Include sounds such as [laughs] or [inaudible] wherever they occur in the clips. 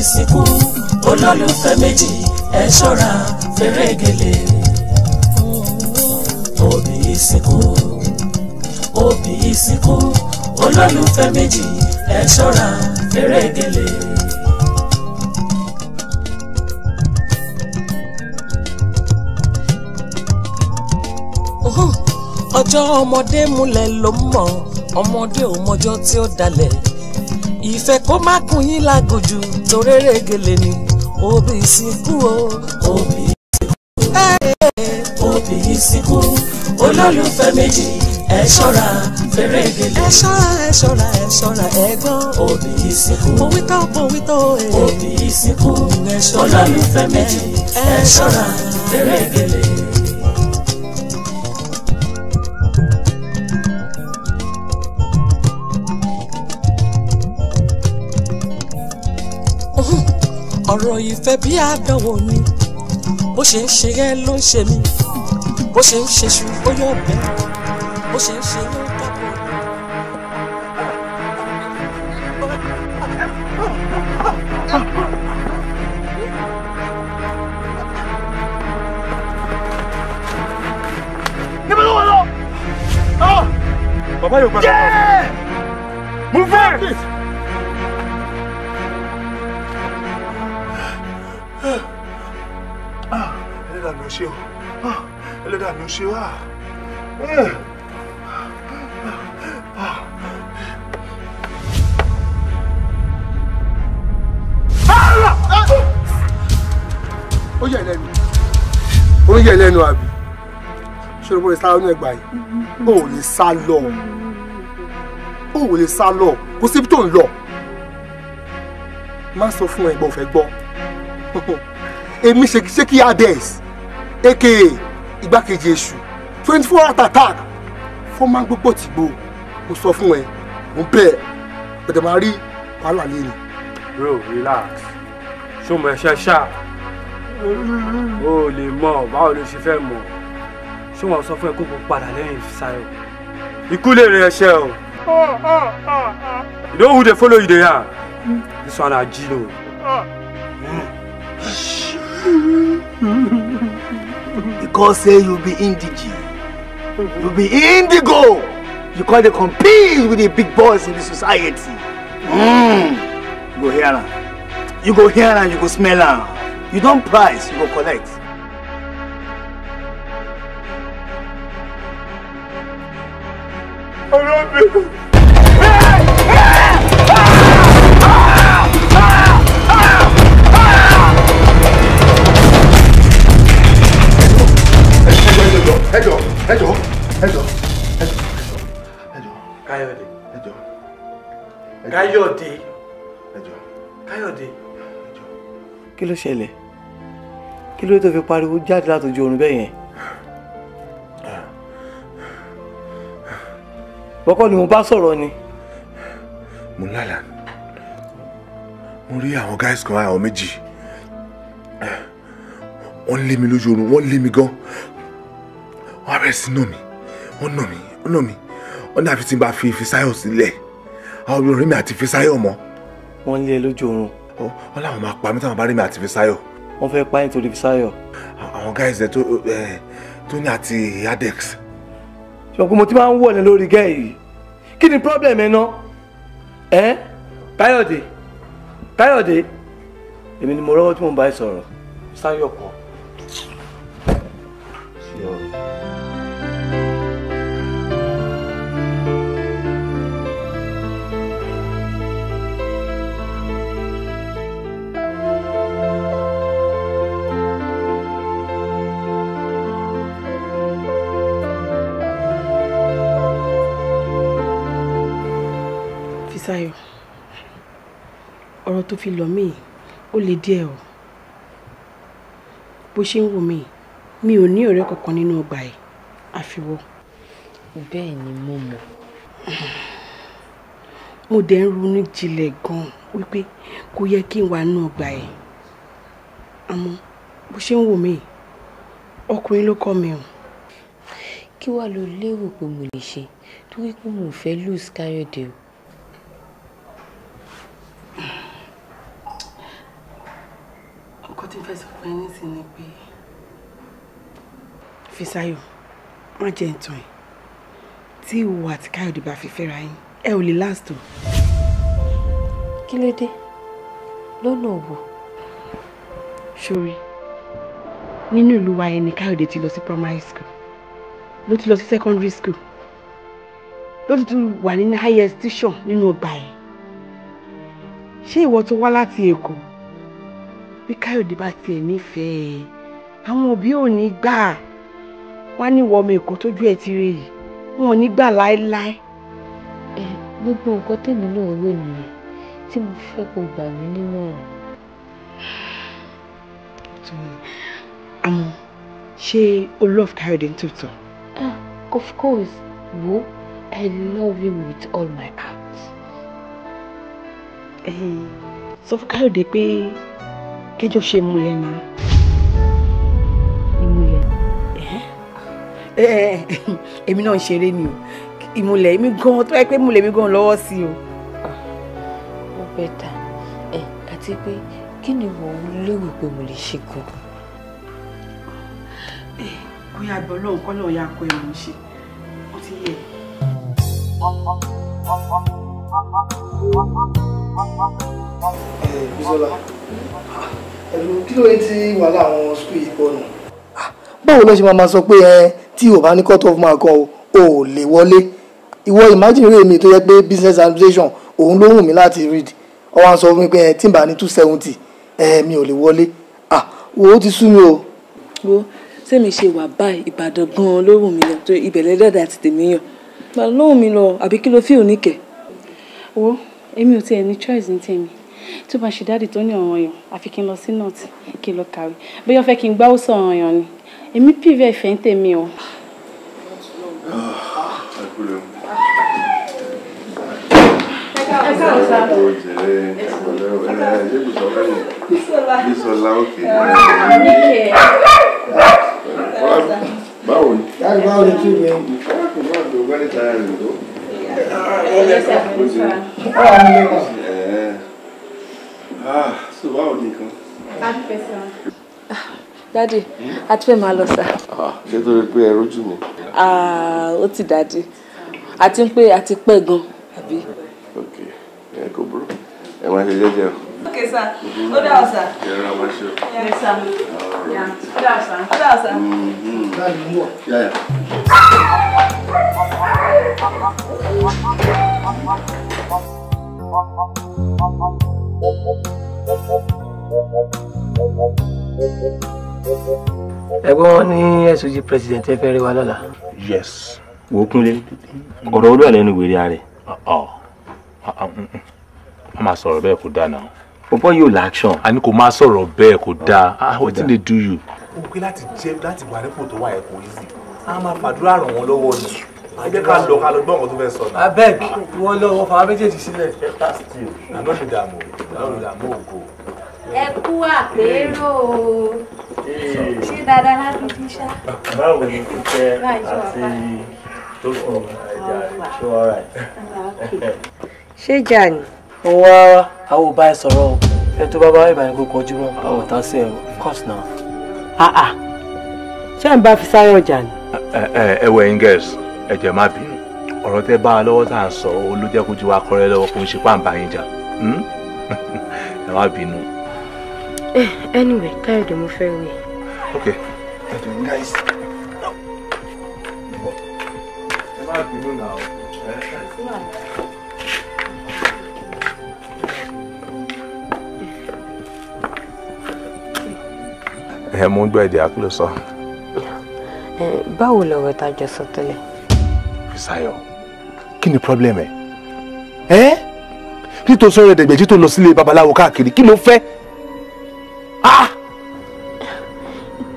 ìsìnkú olólùfẹ́ méjì ẹ ṣọ́ra fẹ́rẹ́gẹ̀lẹ̀ òbí ìsìnkú òbí ìsìnkú olólùfẹ́ méjì ẹ ṣọ́ra fẹ́rẹ́gẹ̀lẹ̀. ọjọ́ ọmọdé múlẹ̀ ló mọ̀ ọmọdé ò mọjọ́ tí ó dalẹ̀ ìfẹ́ kó má kún yín lágòjù toréré gèlè ni òbí ìsìnkú o. òbí ìsìnkú òbí ìsìnkú olólùfẹ́ méjì ẹ ṣọ́ra fèrè ẹ ṣọ́ra ẹ ṣọ́ra ẹ ṣọ́ra ẹ̀gbọ́n. òbí ìsìnkú òwítọ́ òwítọ́ ẹ̀. òbí ìsìnkú olólùfẹ́ méjì ẹ ṣọ́ra fèrè ìfẹ́ bí àdánwò ni bó ṣe ń ṣe yẹ ló ń ṣe mí bó ṣe ń ṣe ṣù ó yọ bẹ́ẹ̀ bó ṣe ń ṣe yẹ. yẹ lẹ́nu àbí ṣé o lè sá lọ́nà ẹgbàá yìí o ò lè sá lọ o ò lè sá lọ kò síbi tó ń lọ má sọ fún ẹ gbọ́n fẹ́ gbọ́ [laughs] èmi ṣe kí adès aka igbákejì èṣù twenty four hour attack fọ́nmá gbogbo tìgbò mo sọ fún ẹ mo bẹ̀ ọ̀dẹ̀ máa rí wàhálà lẹ́nu. bro relax ṣó mo ẹ ṣe ṣáà o lè mọ báwo ló ṣe fẹ́ mọ̀ ṣé wọ́n sọ fún ẹ kó kó padà lẹ́yìn Ṣayọ̀ ikú lè rìn ẹṣẹ́ o you know who dey follow you dey yarn ah, this one na Gino. [laughs] because say you be indige you be indigo you come dey compete with the big boys in the society mm. you go hear am you go hear am you go smell am you don price you go collect. olóògbé. ẹjọ ẹjọ ẹjọ ẹjọ ẹjọ Káyọ̀dé ẹjọ Káyọ̀dé ẹjọ Káyọ̀dé ẹjọ kí ló ṣẹlẹ̀ kí ló tó fi pariwo jáde látòjú oorun bẹ́ẹ̀ yẹn. bọ́kọ́ ni mo bá sọ̀rọ̀ ni. mo lálà mo rí àwọn guys kan àwọn méjì wọ́n lé mi lójú oorun wọ́n lé mi gan wọ́n abẹ́rẹ́ sí nà mí wọ́n nà mí wọ́n nà mí wọ́n dàbí tí n bá fi Fisáyọ̀ sílẹ̀ àwọn obìnrin mi àti Fisáyọ̀ mọ́. wọ́n lé e lójú oorun. wọ́n láwọn máa pa mí táwọn bá rí mi àti Fisáyọ̀ wọ́n fẹ́ pa nítorí Fisáyọ̀. àwọn guys ẹ tó ẹ tó ní àti adex. ṣùgbọ́n mo ti máa ń wọ̀ ní lórí gẹ́ yìí kí ni problem ẹ ná ẹ Káyọ̀dé Káyọ̀dé èmi ni mo rọ́wọ́ tí mo bá ẹ sọ̀rọ̀ Fisáyọ̀ kọ́. ṣé ọ̀rọ̀ Táyọ̀ ọ̀rọ̀ tó fi lọ̀ mí ó le díẹ̀ o bó ṣe ń wò mí mi ò ní ọ̀rẹ́ kankan nínú ọgbà yìí àfiwọ́. bẹ́ẹ̀ ni mo mọ̀. mo dẹ̀ ń ronú jinlẹ̀ gan-an wípé kò yẹ kí n wà nínú ọgbà yìí àmọ́ bó ṣe ń wò mí ọkùnrin ló kọ́ mi o. kí wàá lo lérò pé mo lè ṣe torí pé mo fẹ́ lose káyọ̀dé o nǹkan tí fẹ́ sọ fún ẹ nísìn ni pé Fisáyọ̀ má jẹ́ ìtàn ẹ̀ tí ìwọ àti Káyọ̀dé bá fi fẹ́ra yín ẹ ò lè last o. kí ló dé lọ́nà òwò. sori nínú ìlú wa ẹni Káyọ̀dé ti lọ sí primary school ló ti lọ sí secondary school ló ti tún wà ní highest tuition nínú ọgbà ẹ̀ ṣé ìwọ tó wá láti èkó bí káyọ̀dé bá tiẹ̀ nífẹ̀ẹ́ àwọn òbí ò ní gbà wá ní ìwọ ọmọ èkó tójú ẹ̀ ti rè yìí wọn ò ní gbà láéláé. ẹ gbogbo nǹkan tèmi náà rò nìyẹn tí mo fẹ́ kó gbà mí nímọ̀ràn. àmọ́ ṣé o love káyọ̀dé ní tòótọ́. Ah, of course wo i love you with all my heart sọ fún káyọ̀dé pé kẹjọ ṣe múlẹ̀ náà. ìmúlẹ̀ èmi náà ń ṣeré ni o ìmúlẹ̀ èmi gan tó yẹ pé múlẹ̀ èmi gan lọ́wọ́ sí o. Ah, ó bẹ ta ẹ àti pé kí ni mo lérò pé mo lè ṣe gan. bóyá àgbẹ̀ ọlọ́run kọ́ lọ́ọ̀ ya kọ ẹ̀mọ́ ṣe ó ti yẹ. Thank you ẹ eh, Bísọ́lá ẹ̀rù kí ló dé tí wàhálà àwọn sukùl yìí pọ̀ nù. Ah, báwo ló ṣe máa sọ pé ẹ eh, tí ò bá ní cut off mark o ò lè wọlé ìwọ imagine rẹ mi tó yẹ pé business administration òun ló wù mí láti read ọ wá ń sọ fún mi pé ẹ eh, tí n bá ní two seventy ẹ mi ò lè wọlé ah wo ó ti sú mi o. wo sẹ́mi ṣe wà báyìí ìbàdàn gan-an ló wù mí lọ tó ibẹ̀ lẹ́dàdà ti ló wù mí lọ àbí kí ló fi òní kẹ̀ wo èmi ò tiẹ̀ ní choice ní tèmi tó bá ṣe dáàdì tó ní ọ̀ràn yàn àfi kí n lọ sí north kí n lọ kàwé bóyá ó fẹ́ kí n gbáwó sọ ọ̀ràn yàn ni èmi pv ẹ̀fẹ̀ ń tèmi o. báwo ni. báwo ni tí o bẹ. báwo ni tí o bẹ dadi a ti fẹ́ máa lọ sá. ṣé tó rí pé ẹ rójú mi. ó ti dadi àti pé àti pẹ́ gan-an àbí. ok ẹ kò burú ẹ máa ṣe jẹ́jẹ́ o. Okay, sir. Mm-hmm. Oda osa. Yeah, I'm sure. Yes, sir. Right. Yeah. Oda osa. Oda osa. Mm-hmm. Yeah, yeah. ẹ̀gbọ́n ní SOG president ẹ fẹ́ rí wa lọ́la. yes. wo kúnlé ọ̀rọ̀ olúwa lẹ́nu wèrè ààrẹ. ọ̀ máa sọ̀rọ̀ bẹ́ẹ̀ kó dáa bọ́bọ́ yóò láṣàn. a ní kò máa sọ̀rọ̀ bẹ́ẹ̀ kò dáa ah wetin dey do you. o pe láti jẹ láti wà nípò tó wà ẹ kò easy a máa fàdúrà ràn wọ́n lọ́wọ́ ni a jẹ́ ká lọ ká lọ gbọ́ nǹkan tó fẹ́ sọ ni. abeg wọn lọ wọn fàá méjèèjì sílẹ̀. ẹ bá still àná mi dààmú àná mi dààmú ògo. ẹ kú àpérò ṣé dáadáa lábí bí báwo ni kíkẹ́ àti tó kù ẹja rẹ̀ ṣó ọ̀rá ẹ̀. ṣé jà ni ń wá àwọn ò bá ẹ sọ̀rọ̀ o ẹ tó bá bá ìbànú kó kọjú mọ́ àwọn ọ̀tá sí ẹ o course náà. àà ah, ah. ṣé ń bá fi sáré ọjà ni. ẹ ẹ ẹ wẹ ingers ẹ má bínú ọ̀rọ̀ tẹ bá a lọ́wọ́ tá à ń sọ ó ló jẹ́ kó ju wa kọ́rẹ́ lọ́wọ́ kó ń ṣe pàǹbà yín jà hmm? [laughs] ẹ má bínú. ẹ eh, anyway káyọ̀dé mo fẹ́ wí. ok ẹ jọ guys ẹ má bínú. ẹ mú gbọ́ ẹ̀dẹ̀ àkúlò sọ. báwo lọ̀rọ̀ ta jọ sọ tẹ́lẹ̀. Fisáyọ̀ kí ni problem ẹ ẹ nítorí sọ̀rọ̀ ẹ̀dẹ̀gbẹ̀jì tó lọ sílé babaláwo káàkiri kí ló fẹ́ ah.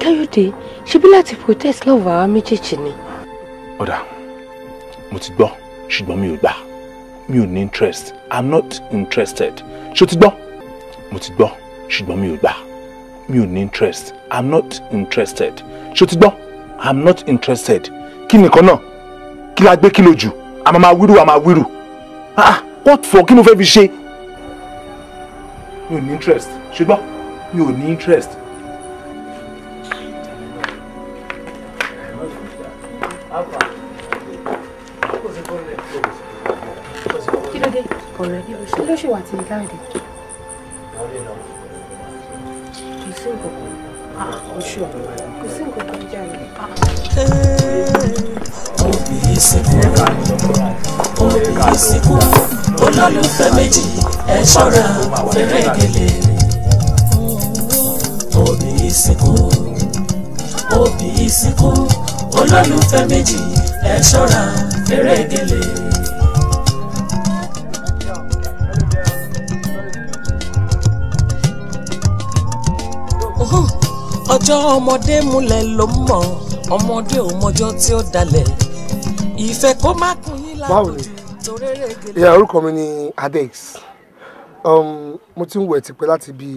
Káyọ̀dé ṣebí láti protest lọ́wọ́ àwa méjèèjì ni. ọ̀dà mo ti gbọ́ ṣùgbọ́n mi ò gbà mi ò ní interest i'm not interested ṣó ti gbọ́ mo ti gbọ́ ṣùgbọ́n mi ò gbà mi ò ní interest i'm not interested ṣó ti gbọ́ i'm not interested kí nìkan náà kí la gbé kí lójú àmọ́ máa wíru àmọ́ wíru ah what for kí mo fẹ́ fi ṣe mi ò ní interest ṣó gbọ́ mi ò ní interest. kí ló dé ọ̀rẹ́ kí ló ṣe wà tí mi káàdì sí nǹkan kan kò sí ọ̀pọ̀ kò sí nǹkan kan jáde. òbí ìsìnkú òbí ìsìnkú olólùfẹ́ méjì ẹ ṣọ́ra fèrè gèlè òbí ìsìnkú òbí ìsìnkú olólùfẹ́ méjì ẹ ṣọ́ra fèrè gèlè. ọjọ́ ọmọdé múlẹ̀ ló mọ̀ ọmọdé ò tí ó dalẹ̀ ìfẹ́ kó má kun yín lágbójú toréré gèlè. ìyá orúkọ mi ni adex um, mo ti ń wẹ̀ tipẹ́ láti bí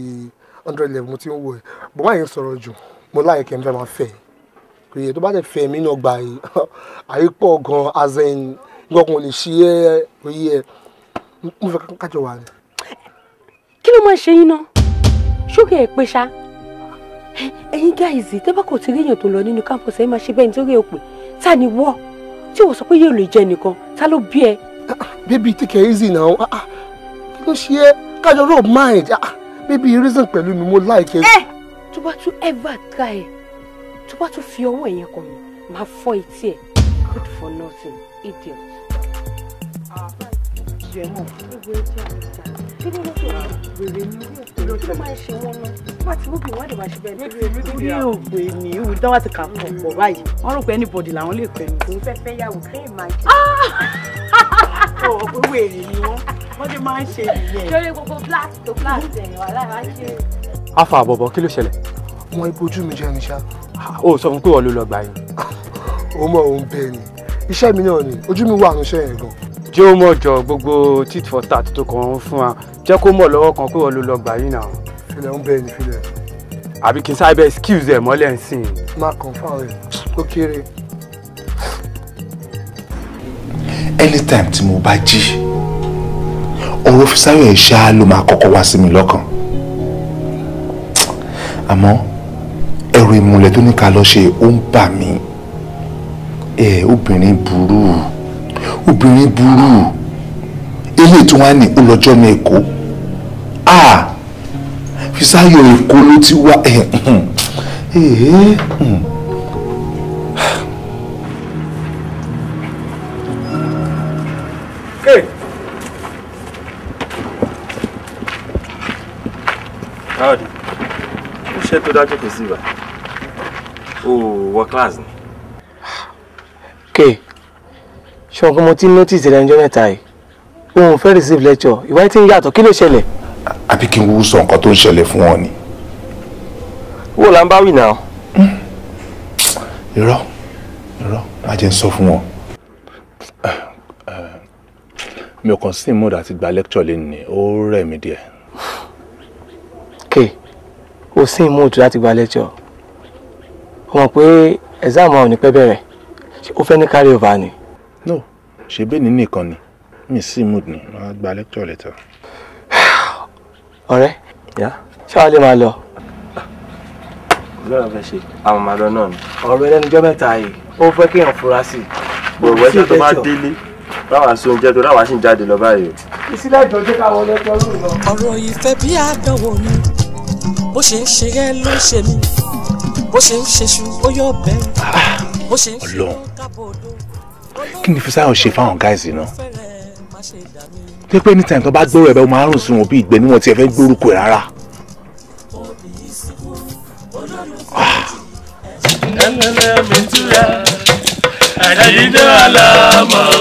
hundred level mo ti ń wẹ̀ bọ́ máa yẹn sọ̀rọ̀ jù mo láyé kẹ́ ń fẹ́ máa fẹ́ kò yẹ tó bá dẹ̀ fẹ́ mi náà gbà yìí [laughs] àyípọ̀ gan-an azen lè ṣí ẹ́ oyé ẹ̀ mo fẹ́ kájọ wà kí ló máa ṣe yín náà ṣókè ẹ̀ pé ṣá ẹ̀yin gáìsì tẹ́ bá kò ti ríyàn tó lọ nínú campus ẹ̀ máa ṣe bẹ́ẹ̀ nítorí òpè ta ni wọ́ tí wọ́n sọ pé yóò lè jẹ nìkan ta ló bí ẹ. baby take it easy now ah, ah. kí ló ṣe é kájọ road mind ah, baby reason pẹ̀lú mi mo like it. ẹ eh! tó bá tún ever try ẹ tó bá tún fi ọwọ́ ẹ̀yẹn kàn mí máa fọ́ etí ẹ̀ good for nothing idiot. ṣé mo gbogbo etí àwọn ìjà kí ló lọ́tọ̀ wèrè ni orí òkè ló máa ń ṣe wọn náà wọn ti mú bí wọn lè máa ṣe bẹ́ẹ̀ níbi èmi tó yẹ ògbè ní ìwé tí wọn ti kà pọ̀ pọ̀ báyìí wọn rò pé anybody làwọn lè pẹ́ ní. òun fẹ́ẹ́ fẹ́ yàwó kẹ́yìn máa jẹ́. ọ̀pọ̀ wèrè ni wọ́n wọ́n ti máa ń ṣe ìyẹn. lórí gbogbo black to black ẹ̀yìn wàhálà wá ṣe. afa àbọ̀bọ̀ kí ló ṣẹlẹ̀. wọn ibojú mi jẹ́ ni ṣá. o ah, sọ fún pé wọn ló lọ gbà yín. ó mọ òun bẹ́ẹ̀ ni iṣẹ́ mi náà ni ojú mi wà níṣẹ́ yẹn gan. jẹ́ ó mọ̀ jọ gbogbo tit for tat tó kàn ń fún wa jẹ́ kó mọ̀ lọ́wọ́ kan pé wọ́n ló lọ gbà yín náà. filẹ̀ ń bẹ́ẹ̀ ni filẹ̀. àbí kí n sáré bẹ́ẹ̀ skills ẹ̀ mọ́lẹ̀ ń sìn. má kàn fáwọn ẹ̀ kó kéré. anytime tí mo bá jí ọ̀rọ̀ Fisáyọ̀ ẹ̀ ṣáá ló máa kọ́kọ́ wá sí mi lọ́kàn àmọ́ ẹ̀rù ìmùlẹ̀ tó ní ká lọ ṣe ó ń bà mí ẹ obìnrin burú obìnrin burú ilé tí wọ́n á ní olọ́jọ́ ní èkó ah Fisáyọ̀ èkó ló ti wá ẹ̀ ẹ̀ Howdy. Who said to that you can see? Oh, what class? Ni? okay ṣọkọ mo ti notice rẹ ẹjọ mẹ́ta yìí òun fẹ́ receive lecture ìwà tí ń yàtọ̀ kí ló ṣẹlẹ̀. àbí kí n wú sọ nǹkan tó ń ṣẹlẹ̀ fún wọn ni. wo la ń bá wì náà. Hmm. irọ́ irọ́ má jẹ́ ń sọ fún wọn. mi ò kàn sí mood àti gba lecture lẹ́nu ó rẹ̀ mí díẹ̀. okay o sí mood láti gba lecture o mọ̀ pé exam wa ò ní pẹ́ bẹ̀rẹ̀ ó fẹ́ ní carry over ni. no ṣe bẹ́ẹ̀ni nìkan ni mi sí mood ni wọ́n gba lecture later. [sighs] ọ̀rẹ́ ṣé wàá lè máa lọ. lọ́rọ̀ fẹ́ ṣe àwọn màá lọ náà ni. ọ̀rọ̀ ẹlẹ́nijọ́ mẹ́ta yìí ó fẹ́ kéèyàn fura sí i. bòbọ̀ ẹ̀ṣẹ̀ tó bá délé báwa sí oúnjẹ tó dáwà sí ń jáde lọ báyìí. ìsílẹ̀ ìjọ́jú káwọn ọlọ́jọ́ lù lọ. ọ̀rọ̀ ìfẹ́ bí àdánwò ni bó ṣe ń ṣe yẹn ló ń ṣe mí bó ṣe ń ṣe ṣu ó yọ bẹ́ẹ̀. Ah, bó ṣe ń ṣe kí ni Fisáyọ̀ ṣe fáwọn guys náà pé pé anytime tó bá gbóró ẹ̀bẹ̀ máa ń rùn sí wọn bí ìgbẹ́ níwọ̀n tí ẹ fẹ́ gbórúkọ ẹ̀ rárá. ẹnlẹ́ mi túra àdáyédé àlámà o.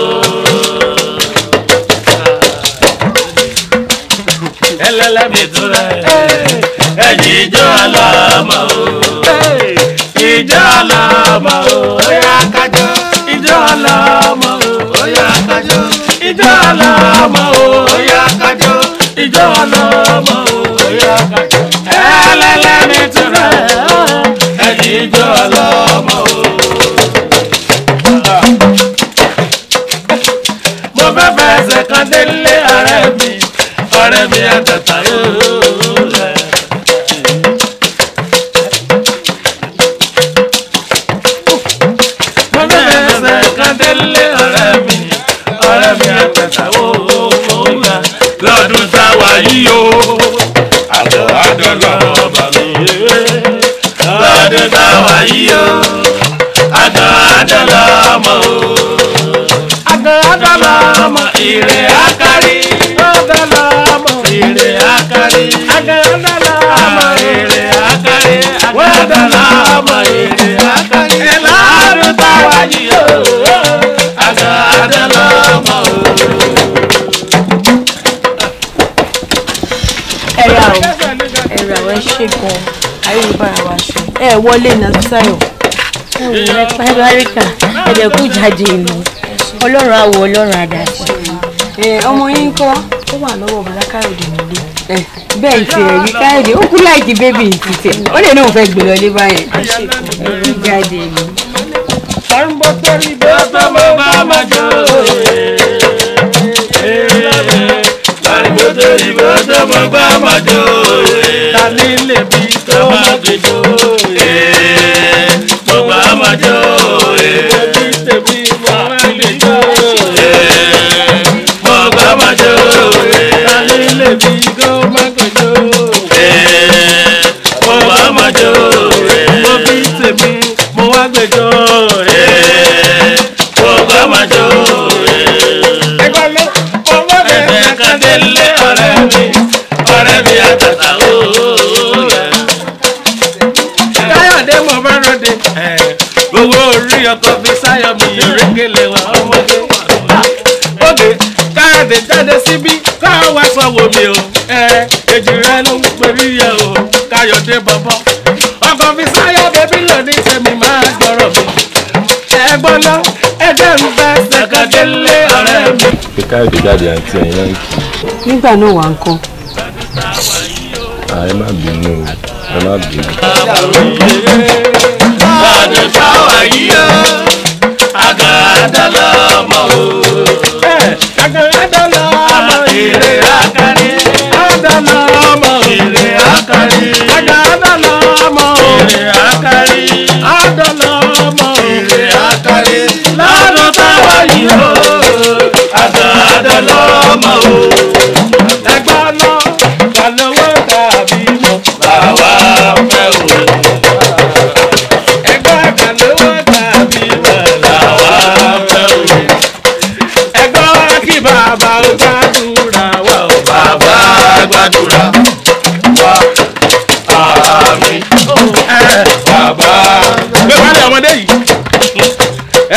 ẹnlẹ́ mi túra ẹ̀yìn ọlọ́mọ o ó yá kájọ. ìjọ ọlọ́mọ o ó kájọ. ìjọ ọlọ́mọ o ó kájọ. ìjọ ọlọ́mọ o ó kájọ. ẹlẹ́lẹ́ni tó rẹ̀ ẹ̀yìn ìjọ ọlọ́mọ o. mo fẹ́ fẹ́ ẹsẹ̀ kan délé ọ̀rẹ́ mi ọ̀rẹ́ mi àtàtà. yìí o àtọ̀ àdọ̀lọ́ ọba mi lọ́dún táwa yìí o àtọ̀ àdọ̀lọ́ ọmọ o àtọ̀ àdọ̀lọ́ ọmọ ire akari àdọ̀lọ́ ọmọ ire akari àdọ̀lọ́ ọmọ ire akari àdọ̀lọ́ ọmọ ire akari. ẹ ṣe gan ayélu bára wa ṣe ẹ wọlé nàbísáyọ ẹ wò ẹ pàbáríkà ẹ dẹ kú jáde ìlú ọlọ́run àwọ̀ ọlọ́run àdàpọ̀. ọmọ yín kọ́ ó wà lọ́wọ́ bàbá káyọ̀dé nílé bẹ́ẹ̀ ti rẹ̀ rí káyọ̀dé ó kú láìkí bébì ìtìtẹ̀ ó lè náà fẹ́ gbé lọlé báyẹn ẹ kú jáde ìlú. sàǹbọ̀ torí bẹ́ẹ̀ tó mọ bá má jọ. sàǹbọ̀ torí bẹ́ẹ̀ tó mọ gbá mọ́jọ́ òye. ta ní lè tó mọ́ mi o èjì rẹ ló ń pè mí yẹ o káyọ̀dé bọ̀bọ̀ ọkọ̀ fi sáyọ̀ bébí lòdì tèmi máa gbọ́rọ̀ mi ẹ̀gbọ́n náà ẹ̀dẹ̀ ń bẹ́ sẹ̀kẹ́dẹ́lé ọ̀rẹ́ mi. pé káyọ̀dé jáde àti ẹ̀yìn náà kì í. nígbà náà wà ń kọ́. ẹ má bínú o ẹ má bínú. àdùkà wà yí o àgàdà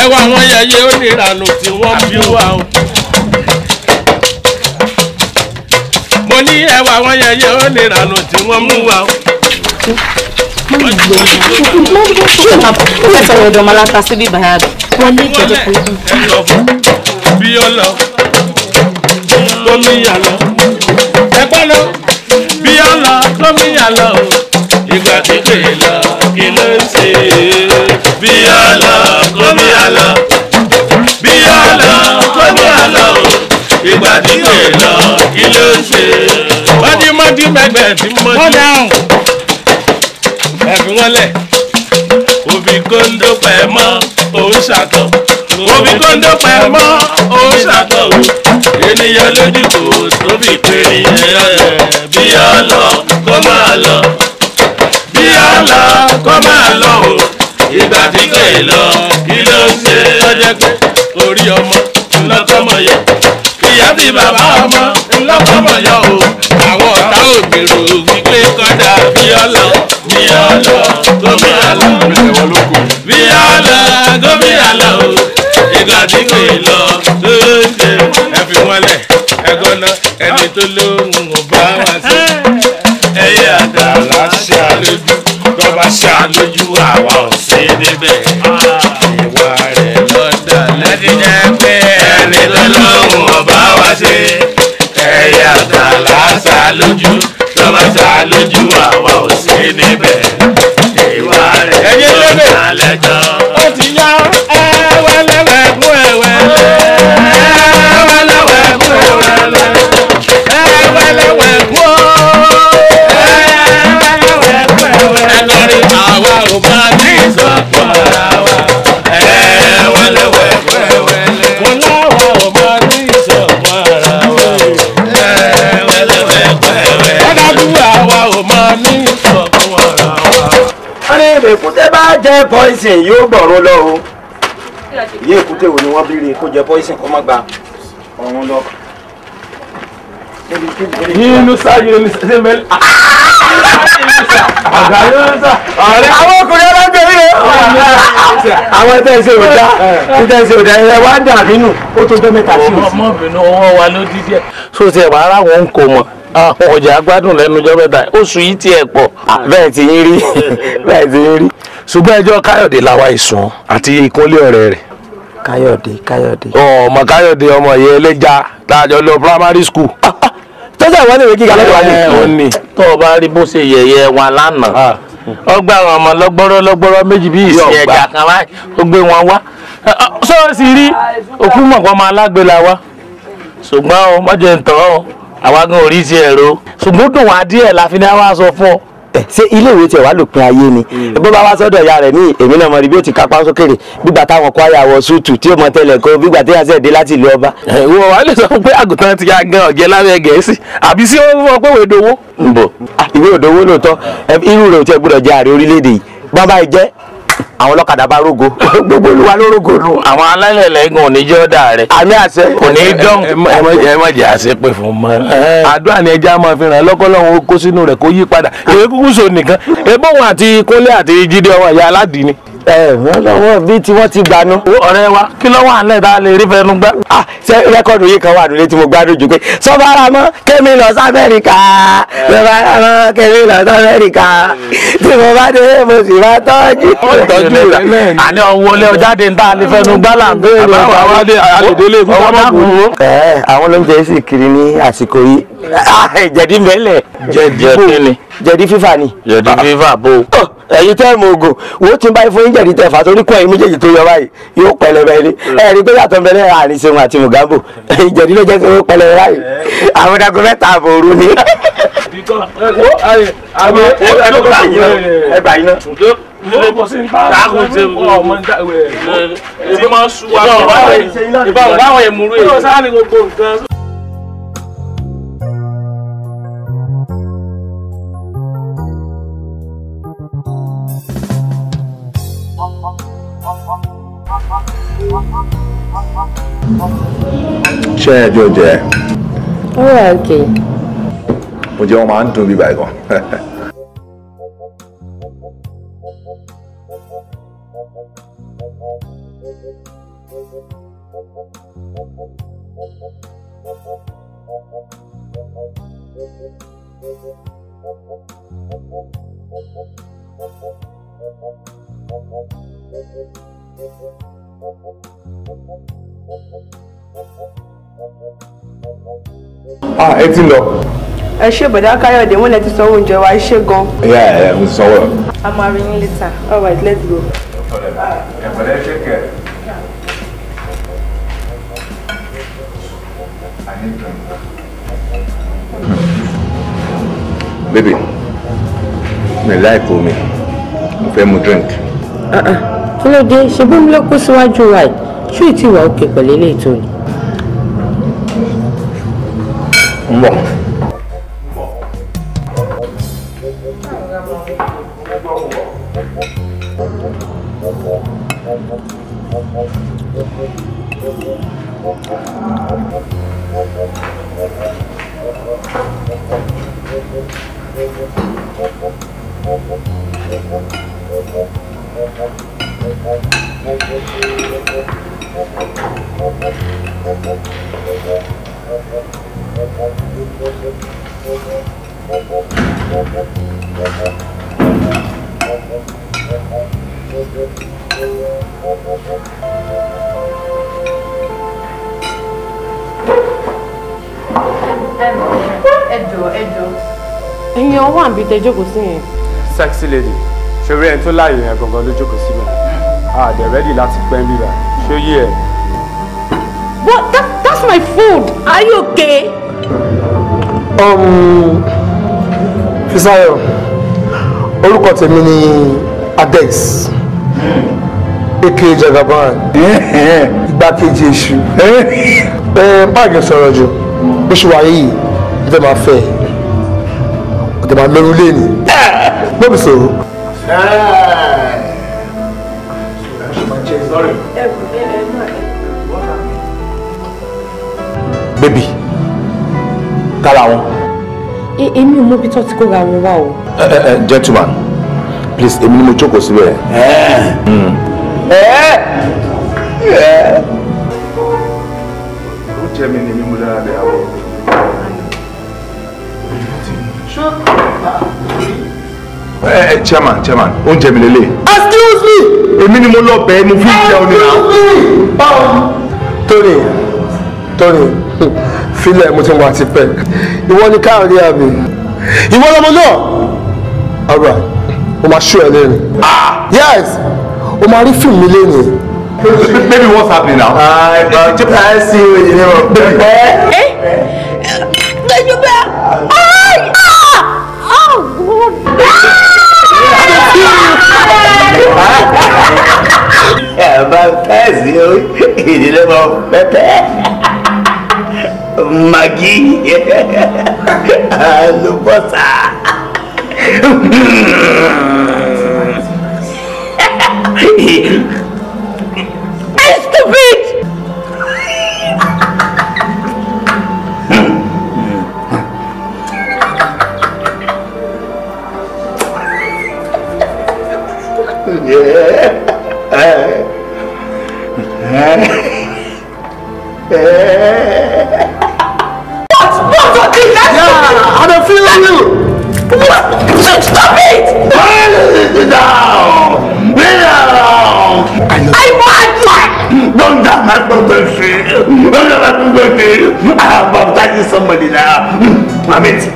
lọ́wọ́ àwọn yẹyẹ ó ní ìrànà tí wọ́n bí wà o. mo ní ẹwà àwọn yẹyẹ ó ní ìrànà tí wọ́n mú wà o. Ṣé ìsọ̀rọ̀ ọ̀dọ̀ máa láta síbí bàyà bí? Wọ́n ní ìjọba kan. Ẹ lọ fún bí ó lọ, lómi yà lọ. Ẹ gbọ́ lọ, bí ó lọ, lómi yà lọ o. nílé lọ kí ló ṣe. wọ́n ní mọ́tí mẹ́gbẹ́ tí mo ní. ẹ̀fín wọn lẹ̀. òbí kóńdó pẹ̀ mọ́ òun ṣàtọ̀. òbí kóńdó pẹ̀ mọ́ òun ṣàtọ̀ o. ènìyàn lójú kò tóbi pé nìyẹn bí a lọ kó máa lọ. bí a kó máa lọ o. ìgbà tí kò lọ kí ló ṣe. ó pé orí ọmọ lọ́kọ́ mọ̀ yẹ ti bàbá ọmọ ńlọ́pọ̀mọ̀ yọ o àwọn ọ̀tá ògbèrò wípé kọ́dà bíọ́lá bíọ́lá gómìnà lọ bíọ́lá gómìnà lọ o ìgbà tí kò lọ lóde ẹ fi wọn lẹ ẹgbọn náà ẹni tó lóhùn ọba wọn sí ẹyẹ àdàlà ṣàlójú tọba ṣàlójú àwa ò sí níbẹ̀. ṣe ẹ̀yà tààlà sá lójú lọ́ba sá lójú àwa ò sí níbẹ̀ ìwà rẹ̀ ló ń ta lẹ́jọ́. jẹ́ poison yóò gbọ̀rún lọ o ìyá èkúté wo ni wọ́n bíire kó jẹ poison kó má gba ọ̀run lọ. yínú sáyé ní sẹ́mẹ́lì. Ah! àwọn ọkùnrin alágbèrè rẹ. àwọn tẹ́ ń ṣe òdá eh. tẹ́ ń ṣe òdá ẹ wá dà nínú ó tó jẹ́ mẹ́ta sí òsì. ọmọbìnrin ọwọ́ wa ló dídí ẹ̀. sọ́sẹ̀ wàhálà wọn kò mọ̀ ah, ọjà gbádùn lẹ́nu jọ́bẹ̀dà oṣù yìí tiẹ̀ pọ̀ ah. bẹ́ẹ̀ ti ń rí bẹ́ẹ̀ ti ń rí ṣùgbọ́n ẹjọ́ káyọ̀dé làwa ìsùn àti ìkúnlé ọ̀rẹ́ rẹ̀. káyọ̀dé káyọ̀dé. ọmọ káyọ̀dé ọmọ yẹn ẹlẹ́ja láàjọ lọ primary school. Ah, ah, tọ́jà ìwọ́n ní ìwé gíga lọ́dọ̀ wa ni. ẹ ò ní tó o bá rí bó ṣe yẹ̀yẹ́ wa lánàá ah. ó gbé àwọn ọmọ lọ́gbọ́rọ́ lọ́gbọ́rọ́ méjì bíi ìsìn ẹ̀gà kan wá ó gbé wọn wá sọ́ọ̀sì rí òkú mọ̀kàn máa lágbe la wá ṣùgbọ́n ọ mọ̀jẹ̀ ń tọ́ àwa gan orí ti ẹ̀rọ ṣùgbọ́n dùn wá díẹ̀ láfi ní àwa sọ fún ọ Eh, ṣé iléèwé tiẹ̀ wá lópin ayé ni mm. bó bá wá sọ́dọ̀ ìyá rẹ̀ ní èmi náà mọ̀ rí bí ó ti kápá sókèrè gbígbà táwọn kọ́ àyàwọ̀ súùtù tí ó mọ tẹ́lẹ̀ kó gbígbà tí yàtọ̀ dé láti ìlú ọba. Eh, ìwọ wàá lè sọ pé àgùntàn ti ya gan ọ̀jẹ̀ lábẹ́ gẹ̀ẹ́sì àbí sí ó fọ pé òdòwó. nbọ ah, ìwé òdòwó lóòótọ́ eh, irú rẹ̀ ò tiẹ̀ gbọ́dọ̀ jẹ́ ààrẹ orílẹ̀-èdè yìí bọ́n àwọn ọlọ́kadà bá rógo [laughs] gbogbo olúwa ló rógo nù. àwọn alálẹ̀lẹ̀ gan ò ní jẹ́ ọ̀dà rẹ̀. àmì àṣẹ. kò ní í dán. ẹ má jẹ́ àṣẹ pé fún mọ́. àdúrà ni ẹja máa fi ràn lọ́kọ́lọ́hún kó sínú rẹ̀ kó yí padà. èyí kúkú so nìkan ebóhun àti kúnlé àti jíde ọmọ ìyá aládìí ẹ wọ́n lọ́wọ́ bí tí wọ́n ti gbaná. ọ̀rẹ́ wa kí ló wà nílẹ̀ tá a lè rí fẹnu gbá. ah ṣe rẹ́kọ̀dù yìí kan wà nílé tí mo gbádùn jù pé sọ́bàrà mọ́ kémi lọ sí amẹ́ríkà sọ́bàrà mọ́ kémi lọ sí amẹ́ríkà tí mo bá dé mo sì bá tọ́jú. ó tọ́jú rẹ̀ àní ọ̀hún olè ọ̀jáde ń tá a lè fẹnu gbá là ń bèèrè. àwọn olóúnjẹ sì kiri ní àsìkò yìí ah, jẹ̀dí mẹ́lẹ̀ ẹ̀yin tẹ́ mọ oògùn wo ti ń báyìí fún yíjẹ̀dí tẹ fà torí kún ẹ̀yin méjèèjì tó yọ báyìí yóò pẹlẹbẹ ni ẹ̀rí tó yàtọ̀ bẹ́ẹ̀ láàrin Ṣeun àti Mugambo ìjẹ̀dí ló jẹ́ kí wọ́n pẹlẹbẹ báyìí àwọn dago mẹ́ta àbò òru ni. ìbáwọ̀ yẹn múru èyí. ṣé ẹ jọ jẹ. ó wà òkè. mo jẹ́ wọn máa ń dùn bí báyìí gan. Thank [laughs] you ah ẹ ti lọ. ẹ ṣe bọ̀dá káyọ̀dé wọn lè ti sanwó oúnjẹ wa ẹ ṣe gan. ẹyà ẹ mo ti sanwó. a máa rí yín later all right let's go. ẹ̀fọ̀lẹ́ ṣe kẹ̀. baby mi láìpẹ́ omi mo fẹ́ mu drink kí ló dé ṣe bómi ló kó síwájú wa yìí ṣé ìtì wà òkè pẹ̀lú ilé ìtòyìn. ibi tẹ jókòó sí yẹn. sexy lady ṣeré ẹni tó láàyè yẹn gangan ló jókòó síbẹ̀ a dẹ̀ rẹ́dì láti pẹ́ bíbá ṣé ó yí ẹ. what that, that's my food are you okay. Um, Fisayo orúkọ tèmi ni Adex aka Jagaban igbákejì [laughs] èṣù [laughs] ẹ má gẹ sọ̀rọ̀ jù bó ṣe wáyé yìí ẹ fẹ́ máa fẹ́ jọba lọ́rùn lé ní gbọ́bí sọ̀rọ̀. bébì kára wọn. E, èmi ò mọbi tó ti kó ra wọn wá o. gentleman please èmi ni mo jókòó síbẹ̀. Hmm. ó jẹ́ mi ni ẹ eh, eh, chairman chairman oúnjẹ mi lélẹ̀. excuse me. èmi ni mo lọ bẹ́ẹ̀ mo fi ń jẹun nínú. Tony Tony filẹ̀ mo ti mọ àti pẹ́ ìwọ ni káàrí àmì ìwọ lọmọ náà ọ̀rọ̀ o máa ṣú ẹ lẹ́nu. Ah! yes o máa rí fíìmù mi lẹ́nu. baby what's happening now. ẹ ah, ẹ eh, you. oyè ni mo. ẹ ẹ ẹ jọba. Abafazio, ele levou Pepe. Magui, ah, não posso. [laughs] That's yeah, I don't feel you. Stop it! Down! Down! i want mad! Don't damn my prophecy! Don't damn my prophecy! I have baptized somebody now. I'm it.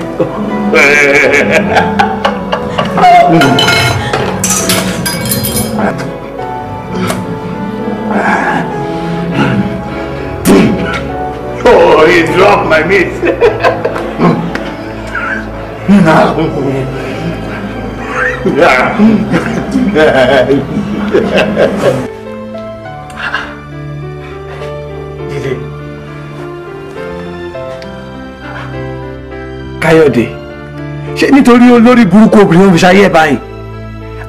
[laughs] oh, he dropped my meat. [laughs] Now. Dìde. Káyọ̀dé, ṣé nítorí olórí burúkú obìnrin òun fi ṣayé ẹ̀ báyìí?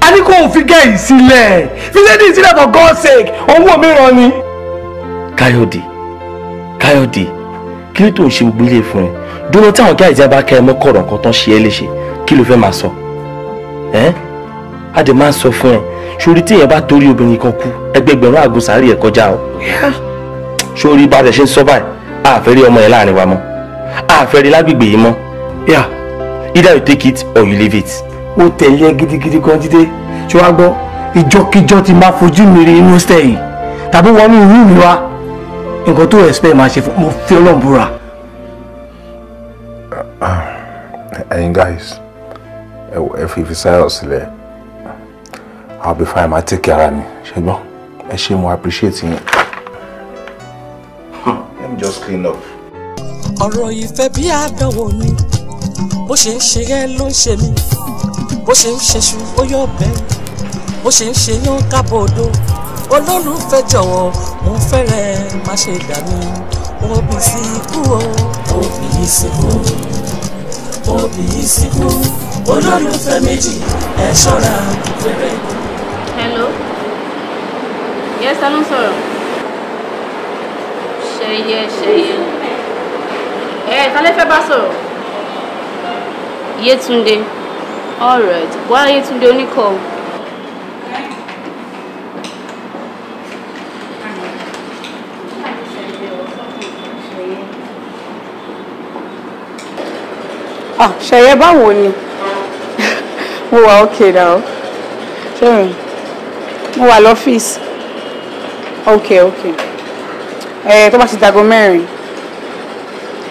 A ní kó o fi gẹ̀yìn sílẹ̀. Fi lẹ́dí sílẹ̀ for God's sake, owó mìíràn ni. Káyọ̀dé, Káyọ̀dé, kí ló tó ń ṣe gbogbo fún ẹ? dúró táwọn gáà ìjábá kẹ ẹ mọ́ nǹkan tán ṣe é léṣe kí ló fẹ́ máa sọ ẹ́ a dẹ̀ máa ń sọ fún ẹ sórí téèyàn bá torí obìnrin kan kú ẹgbẹgbẹ̀rún àgùn sàárì ẹ̀ kọjá o sórí bá a dẹ̀ ṣe ń sọ báyìí a fẹ́ rí ọmọ yẹn láàrin wa mọ́ a fẹ́ lágbègbè yìí mọ́ yà either you take it or you leave it. ó tẹ̀lé gidigidi kan jíde ṣé wàá gbọ́ ìjọkíjọ ti máa fojú mi inú stẹ̀ yìí tàbí wọnú irú mi nǹkan tó expect máa ṣe fún mo fi ọlọ́run búra. And guys if fi fi sáyọ̀ there, i'll be fine I take care mi ṣùgbọ́n ẹ ṣe more appreciating. yín let me just clean up. ọ̀rọ̀ ìfẹ́ bí àdánwò ni bó ṣe ń ṣe yẹn ló ń ṣe mí bó ṣe ń ṣe ó yọ bẹ́ẹ̀ bó ṣe ń ṣe yán kábọ̀ odò olólùfẹ́ jọ̀wọ́ mo fẹ́rẹ̀ má ṣe dà mí òbí sí ikú o òbí sí ikú o obì yìí síkú olólùfẹ́ méjì ẹ ṣọ́ra fèrè. hello yes ta ló ń sọ̀rọ̀ ṣẹyẹ ṣẹyẹ ẹ ta lẹ fẹ́ bá sọ̀rọ̀ Yétúndé all right wá Yétúndé oníkọ̀ọ́. ah ṣẹyẹ báwo ni [laughs] mo wà okay now ṣẹ́yìn mo wà lọ́fíìsì okay okay ẹ̀ tó bá ti dàgọ́ mẹ́rin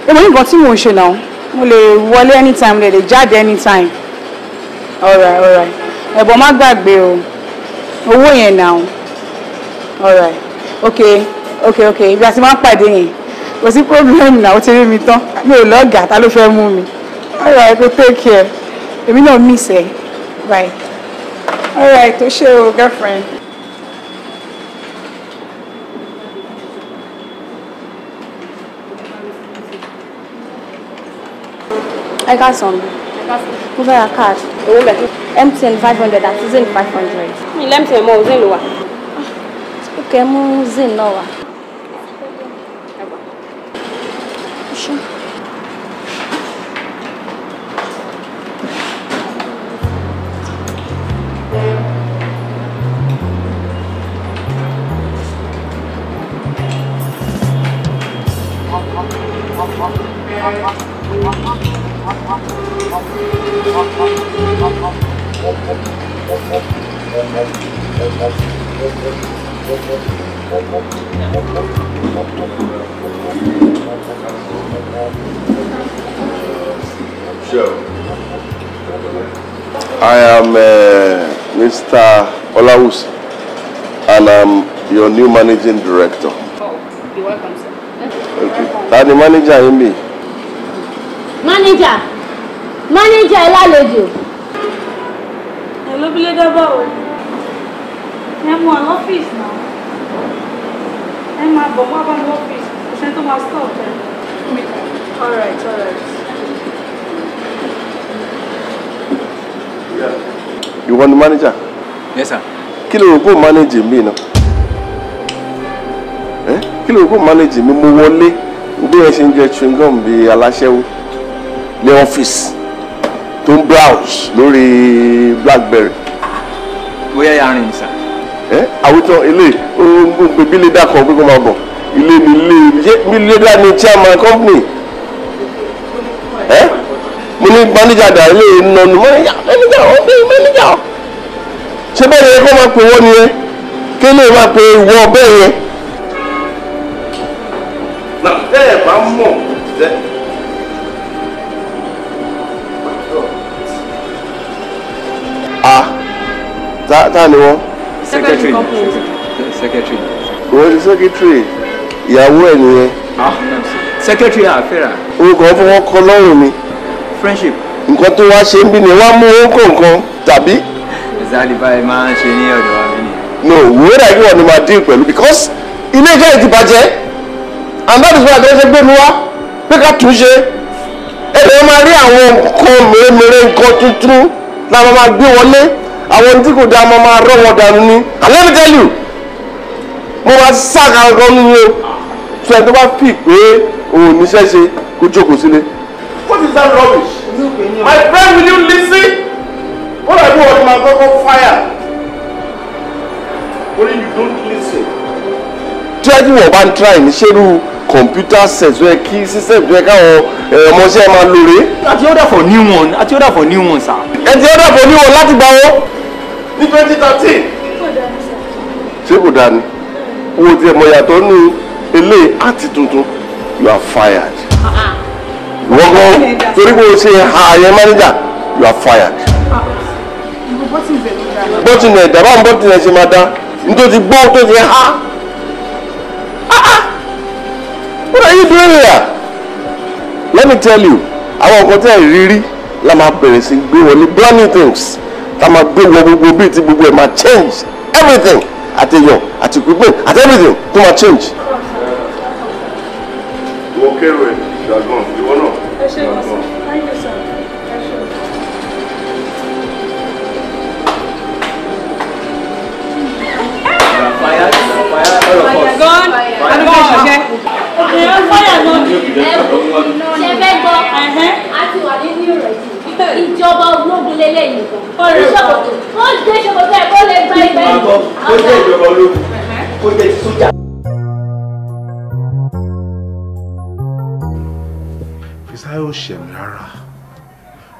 èmi ní nǹkan tí mò ń ṣe náà mo lè wọlé anytime mo lè lè jáde anytime alright alright ẹ̀bọ̀n má gbàgbé o owó yẹn náà alright ok, ok, ok, ibi àti máa ń pàdé yẹn kò sí problem náà ó ti rí mi tán mi ò lọ́gàá ta ló fẹ́ mú mi all right go take care èmi náà miss ẹ bye all right o ṣe o girlfriend. I got some. Move mo fẹ́ ra card. owó mẹ́. mtn five hundred àti zin five hundred. Me, lẹ́mtn mọ́ zin ló Okay, ó kẹ́ mú zin náà managing director. Oh, Ta ni manager yín bì? Manager! Manager ẹ lálejò. Ẹ ló bílé dábàá o. Ẹ mú àwọn ọ́fíìsì náà. Ẹ máa bọ̀ mọ́ abá ní ọ́fíìsì. Kò sẹ́ni tó máa stop ẹ. All right, all right. Yeah. You want the manager? Yes, sir. Kí ló rò pé o manage mi náà? kí lóògùn manage mi mo wọlé bí ẹ ṣe ń jẹ chewing gum bíi aláṣẹ́wó ní ọ́fíìsì tó ń browse lórí blackberry. bóyá ya rìn sá. ẹ àwùjọ ilé ó ń gbé bílé dàkọ pé kó máa bọ̀ ilé mi ilé bílé dà ní chairman company ẹ mo ní manager dà ilé nọnu manager manager ó dé manager ṣé bẹ́ẹ̀ yẹ kó máa pè wọ́n nìyẹn kí ló máa pè wọ́n bẹ́ẹ̀ yẹn tẹ́ ẹ̀ bá mọ̀ tẹ́. a ah, ta ta ni wọn. secretary secretary. wọ́n ti secretary ìyàwó ẹ̀ nìyẹn. Ah, secretary àfẹ́rà. orúkọ fọwọ́ kọ lọ́rùn mi. friendship. nǹkan tó wá ṣe ń bí ni wọ́n á mú owó kọ̀ọ̀kan tàbí. ìsáàdì báyìí máa ń ṣe ní ọ̀dọ̀ wa mí no wúrẹ́dà yìí wọ̀ ni màá dín pẹ̀lú because ilé iṣẹ́ ti bàjẹ́ and that is why abẹ́rẹ́ ṣe gbé mi wá pé ká tún ṣe èèyàn máa rí àwọn nǹkan mèremère nǹkan tuntun la máa máa gbé wọlé àwọn tí kò dáa máa máa rọ́ wọn dànù ni and let me tell you mo máa sáàkà nǹkan mi ni o tí ẹni tó bá fì pé òun níṣẹ́ ṣe kó jókòó sílé. what is that rubbish? my friend will you listen? what i do was my koko fire only you don't listen. tí ẹjú wọ̀ bá ń tíra ní ṣerú computer set tó kí system tó káwọn ọmọọṣẹ́ máa lóore. àti order for new one àti order for new one sir. ẹ ti order for new one láti gbà wọ́n ní twenty thirteen. ṣé kò dáa ni wo tiẹ̀ mọ̀ yàtọ̀ nù eléyìí àti tuntun you are fired. wọ́n gan torí kò ṣe ààyè manager you are fired. bọ́tìnì ẹ̀dá báwọn bọ́tìnì ẹ̀ ṣe máa dá nítorí gbọ́ tó ti há what are you doing here? let me tell you àwọn nǹkan tí ẹ̀ rírí la máa bẹ̀rẹ̀ sí gbé wọlé brand new things la máa gbé wọ gbogbo bíi ti gbogbo ẹ̀ máa change everything àti èèyàn àti equipment àti everything tó máa change. mo kérò ẹ̀ ṣàgbọ́n ìwọ náà. ẹ ṣe ìwọ̀sán. Gone. Gone. Gone. Gone. Gone. Gone. Gone. Gone fine, obìnrin ń fọyà náà ni. ṣe fẹ́ gbọ́ a ti wà nínú ìrọ̀jì ìjọba ológun lélẹ́yìn ìṣòkòtò wọ́n gbé ṣòkòtò ẹ̀kọ́ lè gba ibẹ̀. ó jẹ́ ìjọba ológun ó jẹ́ sójà. Fisáyọ̀ ṣẹ̀mí rárá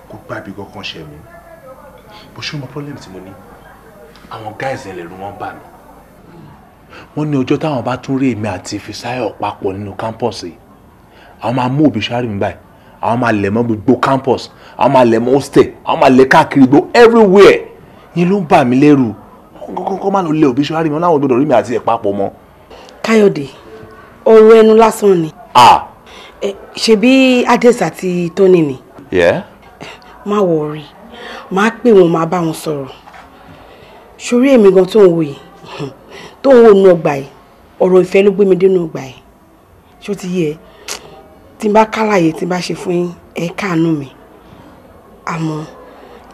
kò gbá ibi kankan ṣẹ̀mí bó ṣe mọ pọ́lẹ́mù tí mo ní àwọn gáàsì ẹlẹ́rú wọn bà mí wọ́n ní ọjọ́ táwọn bá tún rí èmi àti Fisáyọ̀ papọ̀ nínú kámpọ̀sì àwọn máa mú òbí sáré mi báyìí àwọn máa lẹ̀ mọ́ gbogbo campus àwọn máa lẹ̀ mọ́ hostel àwọn máa lẹ̀ káàkiri gbogbo everywhere yẹn ló ń bà mí lẹ́rù kọ́kọ́ má lọ lé òbí sáré mi láwọn gbọdọ̀ rí mi àti ẹ̀ papọ̀ mọ́. Káyọ̀dé ọ̀rọ̀ ẹnu lásán ni. ṣebí Hades àti Tony ni. má wọrí máa pè wọn máa bá wọn sọ̀rọ̀ sórí èmi gan tó ń wò tó ń wònú ọgbà yìí ọ̀rọ̀ ìfẹ́ ló gbé mi dénú ọgbà yìí ṣó ti yé ẹ tí n bá kálàyé tí n bá ṣe fún ẹ káàánú mi àmọ́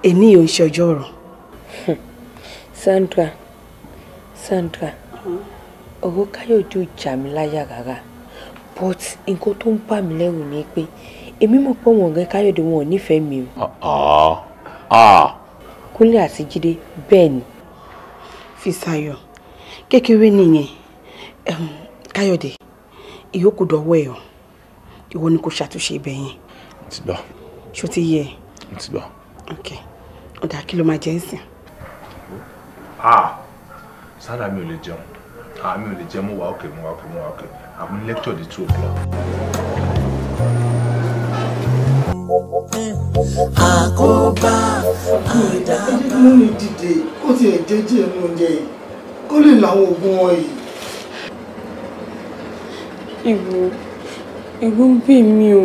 èmi ò ń ṣe ọjọ́ ọ̀rọ̀. Sandra Sandra hmm? ọ̀rọ̀ Káyọ̀dé ò jà mí láyà rárá but nǹkan tó ń bà mí lẹ́rù ni pé èmi mọ̀ pé wọn ọ̀rẹ́ Káyọ̀dé wọn ò nífẹ̀ẹ́ mi o. Ah, ah, ah. Kúnlé àti Jídé bẹ́ẹ̀ ni. Fisayo kékeré nìyẹn káyọ̀dé ìyókù dọ̀wọ́ ẹ̀ o ìwọ ni kò ṣàtúnṣe ibẹ̀ yẹn. mo ti gbọ́. ṣó ti yẹ. mo ti gbọ́. ok ọ̀dà kí ló máa jẹ́ ń sìn. sára mi ò lè jẹun àmì ò lè jẹ mú wa òkè mú wa òkè mú wa òkè àmì lecture di two o'clock. àkóbá àdá. mú mi dìde kó tiẹ̀ jẹ́jẹ́ mú oúnjẹ yìí kó lè làwọn oògùn wọn ìwò ìwò ń bì mí o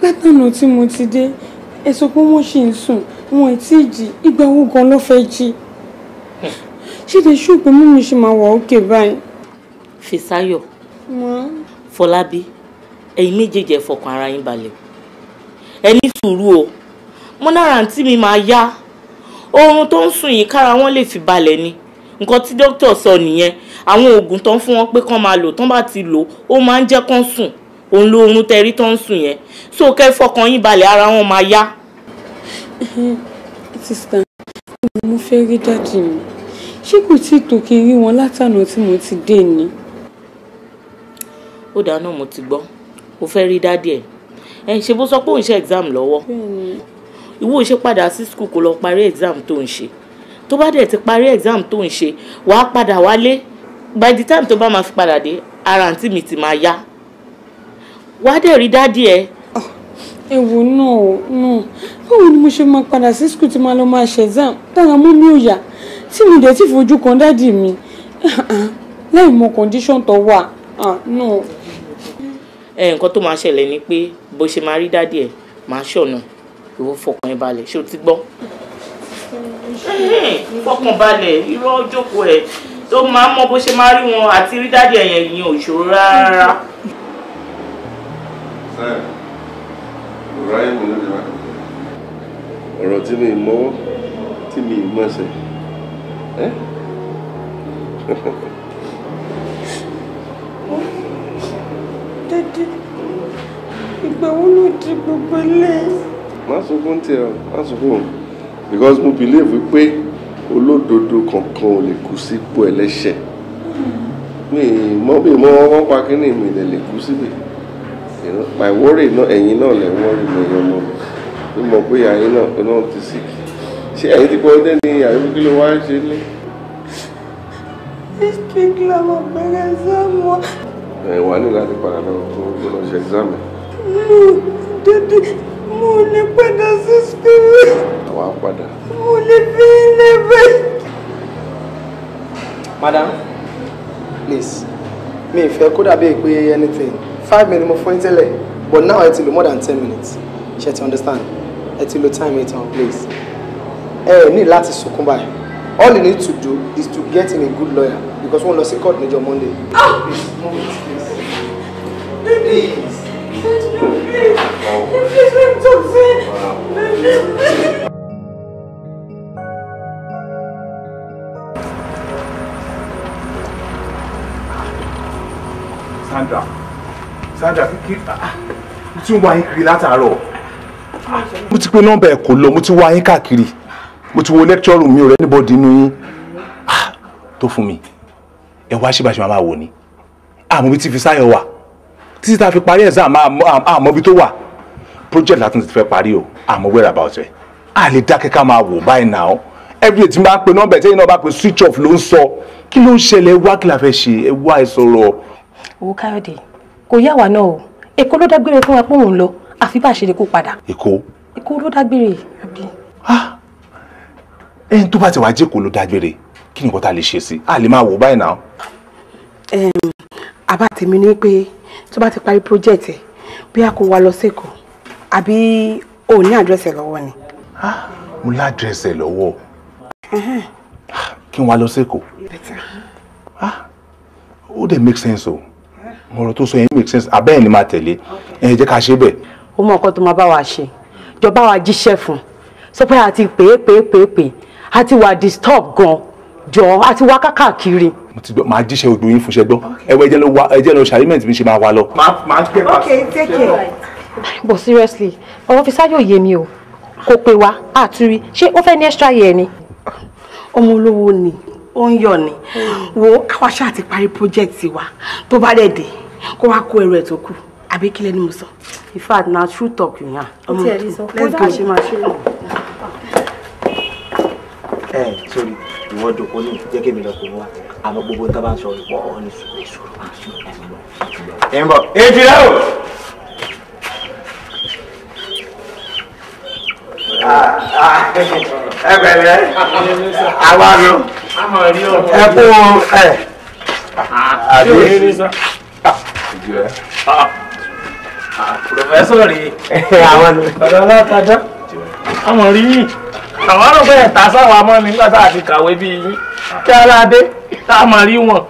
látànà tí mo ti dé ẹ sọ pé wọ́n ṣì ń sùn wọn ì tí ì jí ìgbà owó gan ló fẹ́ jí ṣíde ṣùgbọ́n mú mi ṣe máa wà òkè báyìí. Fèsáyọ̀ Fọlábí ẹ̀yin méjèèjì ẹ fọkàn ara yín balẹ̀ ẹ ní sùúrù o mo náà rántí mi máa yá oorun tó ń sùn yìí kára wọn lè fi balẹ̀ ni nǹkan tí dókítà sọ nìyẹn àwọn oògùn tán fún wọn pé kán máa lò tán bá ti lò ó máa ń jẹ́ kán sùn òun ló oorun tẹrí tán ń sùn yẹn so kẹ́ fọkàn yín balẹ̀ ara wọn máa yá. sista mo fẹ́ rí dáàdì mi ṣé kò tí ì tó kí rí wọn látànà tí mo ti dé ni. ó dáná mo ti gbọ́ mo fẹ́ rí dáàdì ẹ̀ ẹ̀ ṣe bó sọ pé òun ṣe exam lọ́wọ́ ìwọ ò ṣe padà sí school kó lọ parí exam tó ń ṣe tó bá dẹ̀ ti parí exam tó ń ṣe wàá padà wálé by the time tó bá máa fi padà dé ara àǹtí mi ti máa yá wàá dẹ̀ rí dádì ẹ. ewu náà náà báwo ni mo ṣe máa padà sí skul tí màá lọ máa ṣe exam dára mú mi ò yá tí mi dẹ̀ ti fojú kan dádì mi ah, láì mọ condition tó wà ah, náà. ẹ nǹkan tó máa ṣẹlẹ̀ ni pé bó ṣe máa rí dádì ẹ máa ṣọ̀nà ìwọ fọkàn ẹ balẹ̀ ṣé o ti gbọ́ fọkànbalẹ̀ irọ́ jókòó ẹ̀ tó máa mọ bó ṣe máa rí wọn àti rí dáàdì ẹ̀yẹn ìyẹn ò ṣòro rárá. ọ̀rọ̀ tí mi mọ́wọ́ tí mi mọ́sẹ̀ ẹ́ dédé ìgbà wo ló di gbogbo eléyìí. má sunkún tiẹ̀ má sunkún o because mo believe wípé olódodo kankan ò lè kú sípò ẹlẹ́ṣẹ̀ mi mọ bí mo wọ́n pa kínní mi lè lè kú síbẹ̀ my worry náà ẹ̀yin náà lè worry mi ẹ̀yọ́ mọ́ mi mọ̀ pé ẹ̀yin náà pé náà ti sick ṣé ẹ̀yin ti gbọ́dọ̀ ní àyẹ̀wò kí ló wá ń ṣe ní. this big love of bẹ̀rẹ̀ sẹ́mu. ẹ̀ wà nílò láti padà lọ fún ọ̀ṣẹ̀ exam. no dede mo lè padà sí school. àwa padà. mo lè fi ilé bẹ́ẹ̀. madam please mi ì fẹ́ kó dàbí pé anything five minutes mo fún yín tẹ́lẹ̀ but now ẹ ti lò more than ten minutes ṣe ti understand ẹ ti lò time ẹ ti hàn please ẹ ní láti sunkún báyìí all you need to do is to get in a good lawyer because wọ́n lọ sí court níjọ́ monday. ah please move it please. please. Sandra Sandra kí tí ah, ń wá yín kiri látàárọ̀ mo ti pe nọ́mbà ẹ̀ kò lọ mo ti wá yín káàkiri mo ti wo lecture room mi ò rẹ́ anybody nínú yín ah, tó fún mi ẹ wá ṣíbàṣí máa wò ni àmọ́ ah, bí ti fi sáyọ̀ wà títí tá a fi parí exam àmọ́ bí tó wà project láti ti fẹ́ parí o I'm aware about it. a lè dákẹ́ ká máa wò báyìí náà everyday tí n bá pe nọ́mbà tẹ́yìn náà pe switch off Lo ń sọ kí ló ń ṣẹlẹ̀ wá kí la fẹ́ ṣe ẹ wá ẹ sọ̀rọ̀. owó káyọ̀dé kò yá wa náà o èkó ló dágbére fún wa pé òun lọ àfi bá a ṣe lè kó padà. èkó. èkó ló dágbére. Ah! ẹni tó bá ti wá jẹ́ kó ló dágbére kí ni nǹkan tá a lè ṣe sí a lè máa wò báyìí náà. àbá tèmi ni pé tó bá ti parí project ẹ bí a kò wá lọ sí àbí o ní àdírẹ́sì lọ́wọ́ ni. mo ládírẹ́sì lọ́wọ́ kí n wá lọ sẹ́kọ̀ọ́ ó dẹ̀ make sense o ọ̀rọ̀ tó sọ yẹn make sense abẹ́ẹ̀ ni máa tẹ̀lé ẹ jẹ́ ká ṣe bẹ́ẹ̀. ó mọ nǹkan tó máa bá wa ṣe jọba wa jíṣẹ́ fún sọ pé àti pè é pè é pè é pè é àti wà disturb gan jọ àti wá kákàkiri mo ti gbọ́ máa jíṣẹ́ odò yín fún ṣẹ́gbọ́n ẹ̀wọ̀ ẹ̀jẹ̀ ló ṣàrímẹ̀ntì mi ṣe máa wà lọ. ok take care but seriously ọ̀rọ̀ fi sáyò yé mi o kò pé wa àtúrí ṣé ó fẹ́ ní extra year ni. ọmọ olówó ni ó ń yọ̀ ni wo káwa ṣáà ti parí project wa tó bá dẹ̀ dé kó wá kó ẹrù ẹ̀ tó kù àbí kílẹ̀ ni mo sọ. in fact na true talk yìí hàn. ọmọ tó let's go ṣe máa ṣe lọ. ẹ ẹ sori ìwọ jòkó ní jẹ́ kí èmi lọ kó wá àmọ́ gbogbo tá a bá ń sọ ìwọ ọ ní sùúrù sùúrù ẹ ń bọ̀ ẹ fi o. ẹ pẹ̀lẹ́ àwa nù ẹ kú ẹ àbí pòfẹ́sọ̀ rí ọ̀dọ̀ alátajọ́ àwọn rí yìí àwọn ọ̀rọ̀ bẹ́ẹ̀ ta sáwọn amọ́ nígbà tá a ti kàwé bí yín kí aládé tá a máa rí wọn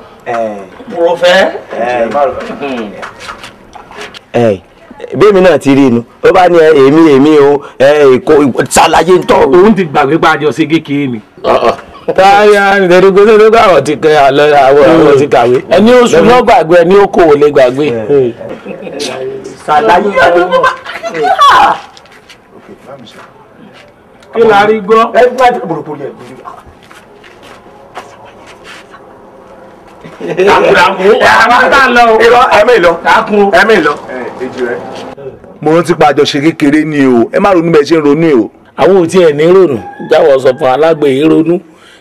pòfẹ́. bẹ́ẹ̀mi náà ti rí inú ló bá ní èmi èmi o èkó ṣàlàyé ntọ́. òun ti gbàgbé pàjọ sí kékeré mi. táyà nìdẹ́dógún àwọn ti kẹ àlọ́ àwọn àwọn ti kàwé ẹni oṣù náà gbàgbé ẹni lè gbàgbé. ṣàlàyé kí rí mo rántí pa àjọṣe kékeré ni o ẹ má ronú bẹ́ẹ̀ ṣe ń ronú o. àwọn ò tiẹ̀ ní rònú jáwọ́ sọ fún alágbe yìí ronú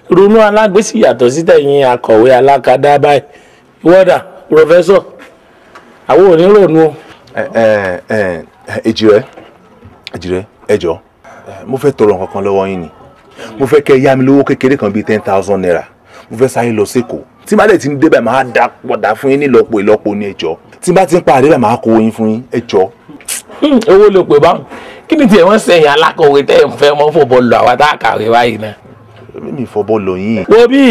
ronú alágbe sì yàtọ̀ sí tẹ̀yìn akọ̀wé alákadá báyìí wọ́dà pòfẹ́sọ̀ àwọn ò ní rònú o. ẹ ẹ ẹ èjì rẹ èjì rẹ ẹ jọ mo fẹ́ tọrọ nǹkan kan lọ́wọ́ yín ni mo fẹ́ kẹ́ yá mi lówó kékeré kan bíi ten thousand naira mo fẹ́ sáré lọ sí Èkó tí bá dẹ̀ ti ń débẹ̀ máa da pọ̀dà fún yín nílọ́pọ̀ ìlọ́pọ̀ ní ẹjọ́ tí bá ti ń pa àdébẹ̀ máa kó yín fún yín ẹjọ́. owó ló pè báwọn kí ni tiẹ̀ wọ́n sẹ̀yìn alákọ̀wé tẹ́ ẹ̀ ń fẹ́ mọ́ fò bọ́ọ̀lù àwa tá a kàwé báyìí náà. mímì fọ bọ́ọ̀lù yín. wo bí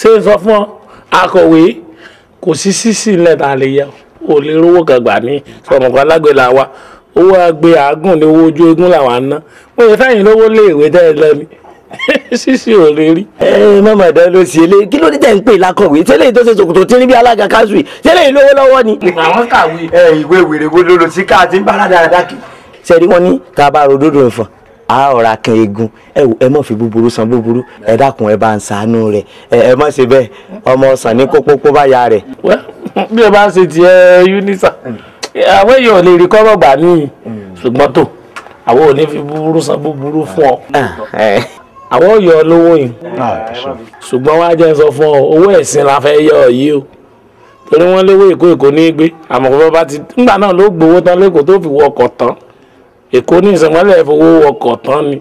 ṣe ń sọ fún ọ akọ̀wé kò sí sísì ńlẹ̀ tá a lè yẹ o lè rówó kan gbà ní sọ̀rọ̀ kan lágbè làwa owó agbe àágùn ní owó ojú eégún làwa ń ná mo yẹ fẹ́yìn lówó léèwé tẹ́ ẹ [laughs] sísì ò lè rí. ẹ mama dá ló sì eléyìí kí ló dé tẹ̀ ń pè lákọ̀wé tẹ́lẹ̀ tó ṣe ṣòkòtò tí ń bí alága káṣù yìí tẹ́lẹ̀ lówó lọ́wọ́ ni. àwọn kàwé ẹ ìwé wèrè wo ló lò sí ká àti ń bára dáadáa kì. sẹ́ni wọ́n ní tá a bá ro dódò nǹfọ̀n a ọ̀ra kan eegun ẹ wò ẹ mọ̀ fi búburú san búburú ẹ dákun ẹ bá ń ṣàánú rẹ ẹ mọ̀ ṣe bẹ́ẹ̀ ọmọ ọ̀sán ní kópópó bá ya rẹ̀. [laughs] bí ẹ bá ń ṣe tiẹ̀ unisa mm. àwọn èèyàn ò lè rí kọ́rọ̀ gbà níyì mm. ṣùgbọ́n tó àwọn ò ní fi búburú san búburú fún ọ. Ah, eh àwọn yọ lówó yìí ah, ṣùgbọ́n wá jẹ́ sọ fún ọ owó ẹ̀sìn la fẹ́ yọ yìí o torí wọ́n léwó èkó èkó ní gbé àmọ́ kó bá ti ńgbà náà ló gbowó tán lẹ́kọ̀ọ́ tó fi wọkọ̀ tán èkó ní ìsìnkú ẹlẹ́fowó wọkọ̀ tán ni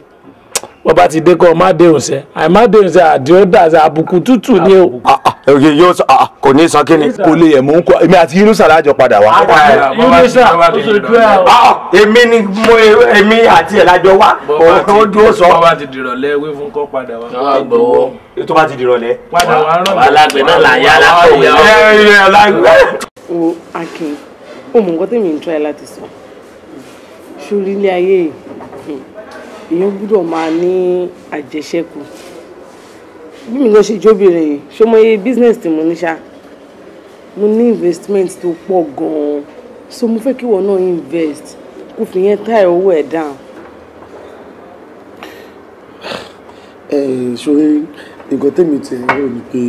bàbá ti dé kọ́ ọ má déhùn sẹ́ àìmá déhùn sẹ́ àdìó dàsẹ́ àbùkù tútù ni o. Ah, ah, oye yóò sọ ah, kò ní sọ kí ni. kò lè yẹ mò ń kọ èmi àti yunusa lájọ padà wá. yunusa oṣooju ẹ o. èmi ni mo èmi àti ẹ̀ lájọ wá ojú ó sọ. bàbá ti dìrọ̀lẹ́ wí fún kọ́ padà wá. gbọ́wọ́ tó bá ti dìrọ̀lẹ́. padà wá rán mi. alágbè náà là ń yá alákòwé. ẹ o Akin o mọ̀ nǹkan tẹ̀mí ń tọ́ ẹ láti sọ èèyàn gbúdọ̀ máa ní àjẹṣẹ́kù bí mi náà ṣe jóbìnrin yìí ṣé mo yẹ business tí mo ní ṣá mo ní investment tó pọ̀ gan-an so mo fẹ́ kí ìwọ náà invest kó fi yẹn táì owó ẹ̀ down. [sighs] ẹ ṣòro nǹkan tèmi tẹ ẹ rò ni pé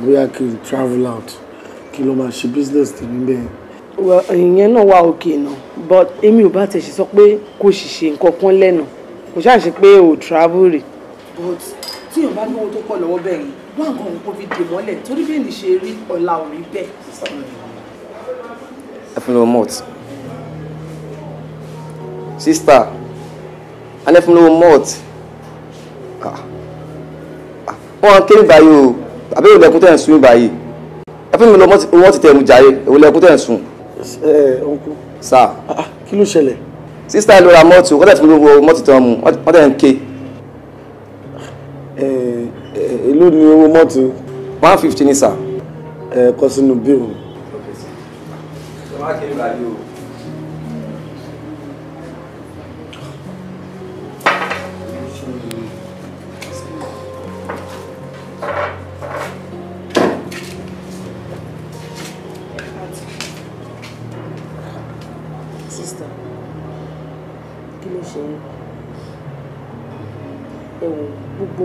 bóyá kí n travel out kí n lọ máa ṣe business tèmi bẹ́ẹ̀. ìyẹn náà wà òkè náà but èmi ò bá tẹ̀ ṣe sọ pé kò sì nǹkan kan lẹ́nu kò ṣáà ṣe pé o travel rè. but tí èèyàn bá ní owó tó pọ̀ lọ́wọ́ bẹ́ẹ̀ yẹn wá nǹkan òun kò fi dè mọ́lẹ̀ torí bẹ́ẹ̀ ní ṣe rí ọ̀la ò rí bẹ́ẹ̀. ẹ fún mi lọ́wọ́ malt sista a ní ẹ fún mi lọ́wọ́ malt ah, ah, wọn kéré báyìí o àbí ìwé lẹkùn tẹ̀ ń sun báyìí ẹ fún mi lọ́wọ́ malt tẹ̀ ń jayé ìwé lẹ́kùn tẹ̀ ń sun. ẹ ẹ ọ̀nkú. sá. kí ló ṣẹlẹ̀ sísá ló ra mọ́tò wọ́n tẹ̀ fún gbogbo mọ́tò tán mu wọ́n tẹ̀ ń ké. èló ni owó mọ́tò. one fifty ní sà. ẹ kọ́ sínú bíi òun. ọ̀sẹ̀ kiri bàálù o.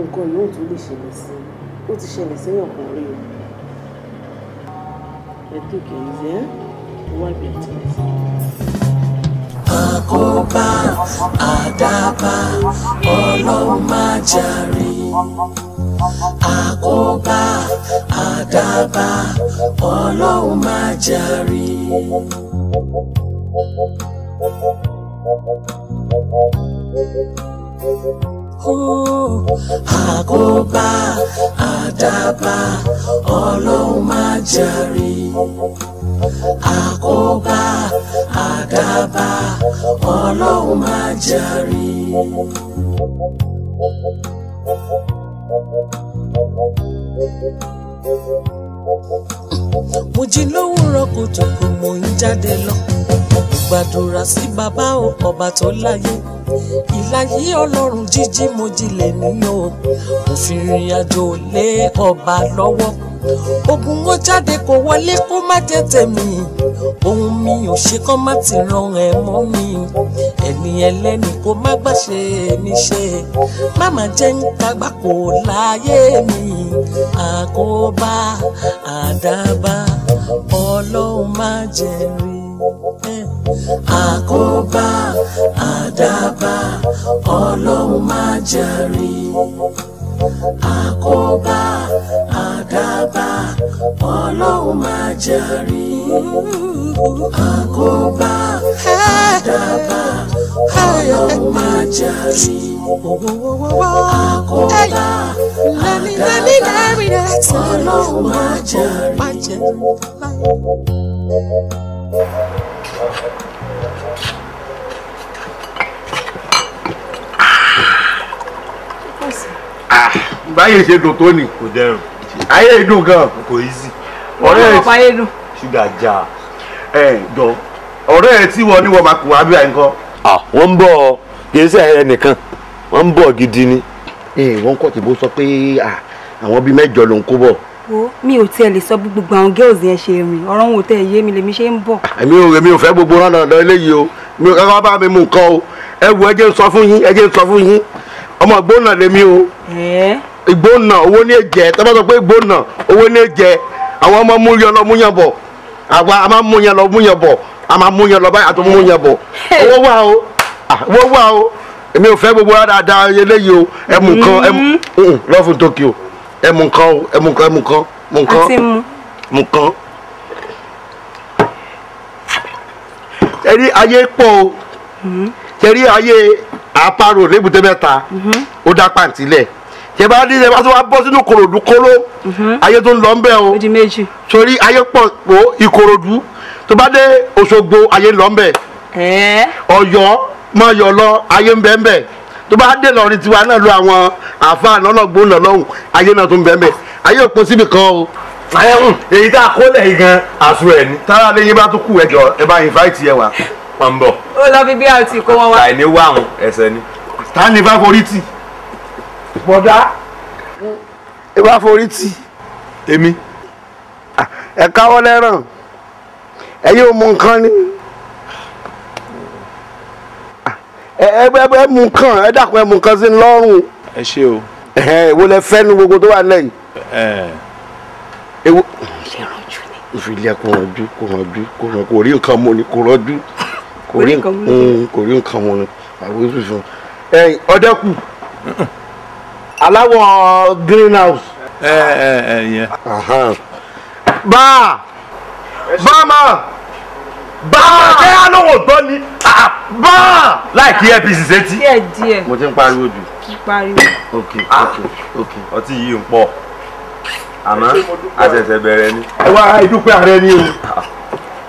gbogbo nǹkan yóò tún lè ṣẹlẹ̀ sí i ó ti ṣẹlẹ̀ sẹ́yìn ọ̀kan rí o ẹ̀dùnkè ìzẹ́ wábi àtìlẹ́sẹ̀. àkóbá àdábá ọlọ́run má jàre àkóbá àdábá ọlọ́run má jàre. Thank you àkóbá àdábá ọlọ́run má jàre àkóbá àdábá ọlọ́run má jàre. mo jí lówùúrọ̀ kùtùkù mò ń jáde lọ gbàdúrà sí bàbá ọba tó láyé ìlàyé ọlọ́run jíjí mo jilẹ̀ nínú mo fi rìn àjò lé ọba lọ́wọ́ ogun ó jáde kó wọlé kó má jẹ́ tèmi ohun mi ò ṣe kán má ti ran ẹ mọ́ mi ẹni ẹlẹ́ni kó má gbàṣe mi ṣe má má jẹ́ ń kagbá kó láyé mi àkóbá àdábá ọlọ́run má jẹ́ rí àkóbá àdábá ọlọ́run má jẹ̀rí àkóbá àdábá ọlọ́run má jẹ̀rí àkóbá àdábá ọlọ́run má jẹ̀rí àkóbá àdábá ọlọ́run má jẹ̀rí. Ah, báyé ṣe dùn tó ní. kò dẹrùn. ayé dùn gan. kò easy. ọ̀rẹ́ ẹ̀ ti ṣúgà já. ẹ jọ ọ̀rẹ́ ẹ̀ tí wọ́n ní wọ́n máa kùn wá bí i nǹkan. wọ́n ń bọ̀ kì í ṣe ẹnìkan wọ́n ń bọ̀ gidi ni. ẹ eh, wọ́n kọ́ tí bó sọ pé ah, àwọn bíi mẹ́jọ ló ń kó bọ̀ wo mi ò tiẹ̀ lè sọ bí gbogbo àwọn girls yẹn ṣe rìn ọ̀rọ̀ wọn ò tẹ̀ yé mi lèmi ṣe ń bọ̀. èmi ò èmi ò fẹ́ gbogbo rán dandan eléyìí o mi ò kọ́kọ́ bá mi mú nǹkan o ẹ wo ẹ jẹ́ ń sọ fún yín ẹ jẹ́ ń sọ fún yín ọmọ ìgbóná lèmi o ìgbóná owó ní èjẹ tọ́ba sọ pé ìgbóná owó ní èjẹ àwọn ọmọ mú yẹn lọ mú yẹn bọ̀ àwa a máa mú yẹn lọ mú yẹn bọ̀ a máa mú yẹn lọ báyìí àti mú yẹn bọ̀ owó wà o owó wà o èmi ò fẹ́ gbogbo rárá dáadáa eléyìí o ẹ mú nǹkan ẹ mú mm-hmm. lọ́fun Tokyo ẹ mú nǹkan o ẹ mú nǹkan ẹ mú nǹkan mú nǹkan àti mú mú nǹkan. ẹ̀rí ayé pọ̀ o ẹ̀rí mm-hmm. ayé àparò lébùté mẹ́ta mm-hmm. ó dá pàǹtí lẹ̀ tẹ bá dé tẹ bá tó wá bọ́ sínú kòròdú kóló mm-hmm. ayé tó ń lọ ńbẹ o sórí ayé pọ̀ o ìkòròdú tó bá dé Òṣogbo ayé ń lọ ńbẹ Ọ̀yọ́ mọ̀ Ọ̀yọ́ lọ ayé ń ńbẹ tó bá dé lọrin tiwa náà lo àwọn àfáàní ọlọgbó lọlọrun ayé náà tó ń bẹ́ẹ̀ ayé òpin síbi kan o. èyí tá a kó lẹ́yìn gan àṣù ẹ̀ ni tára lẹ́yìn bá tún kù ẹ̀jọ̀ ẹ bá invite yẹ wá wọn bọ̀. ó lọ fi bí a ti kó wọn wá. tàì wá àwọn ẹsẹ̀ ni. ta ni bá forí tì. bọ̀dá ẹ bá forí tì. èmi. ẹ káwọ́ lẹ́ràn ẹ yóò mú nǹkan ni. ẹ ẹ mú nǹkan ẹ dàpọ̀ ẹ mú nǹkan sí i lọ́rùn. ẹ ṣe o. èwo lẹ fẹ́ nu gbogbo tó wà lẹ́yìn. èwo ìfìlẹ̀ kò rànjú kò rànjú kò rànjú kò rí nǹkan mọ́ ni kò rànjú kò rí nǹkan mọ́ mm, ni àwọn ìfìfún. ẹyìn ọdẹkù aláwọ̀ greenhouse. ẹ ẹ ẹ yẹn. bá a bá a máa báà ṣé alóhùn gbọ́ ni báà láìkí apc sétí. díẹ̀ díẹ̀ mo ti ń pariwo jù. kí ok ah. ok ok ọtí yìí ń pọ̀ àmọ́ a bẹ̀rẹ̀ ni. ẹ wá ìdúpẹ́ ààrẹ ni o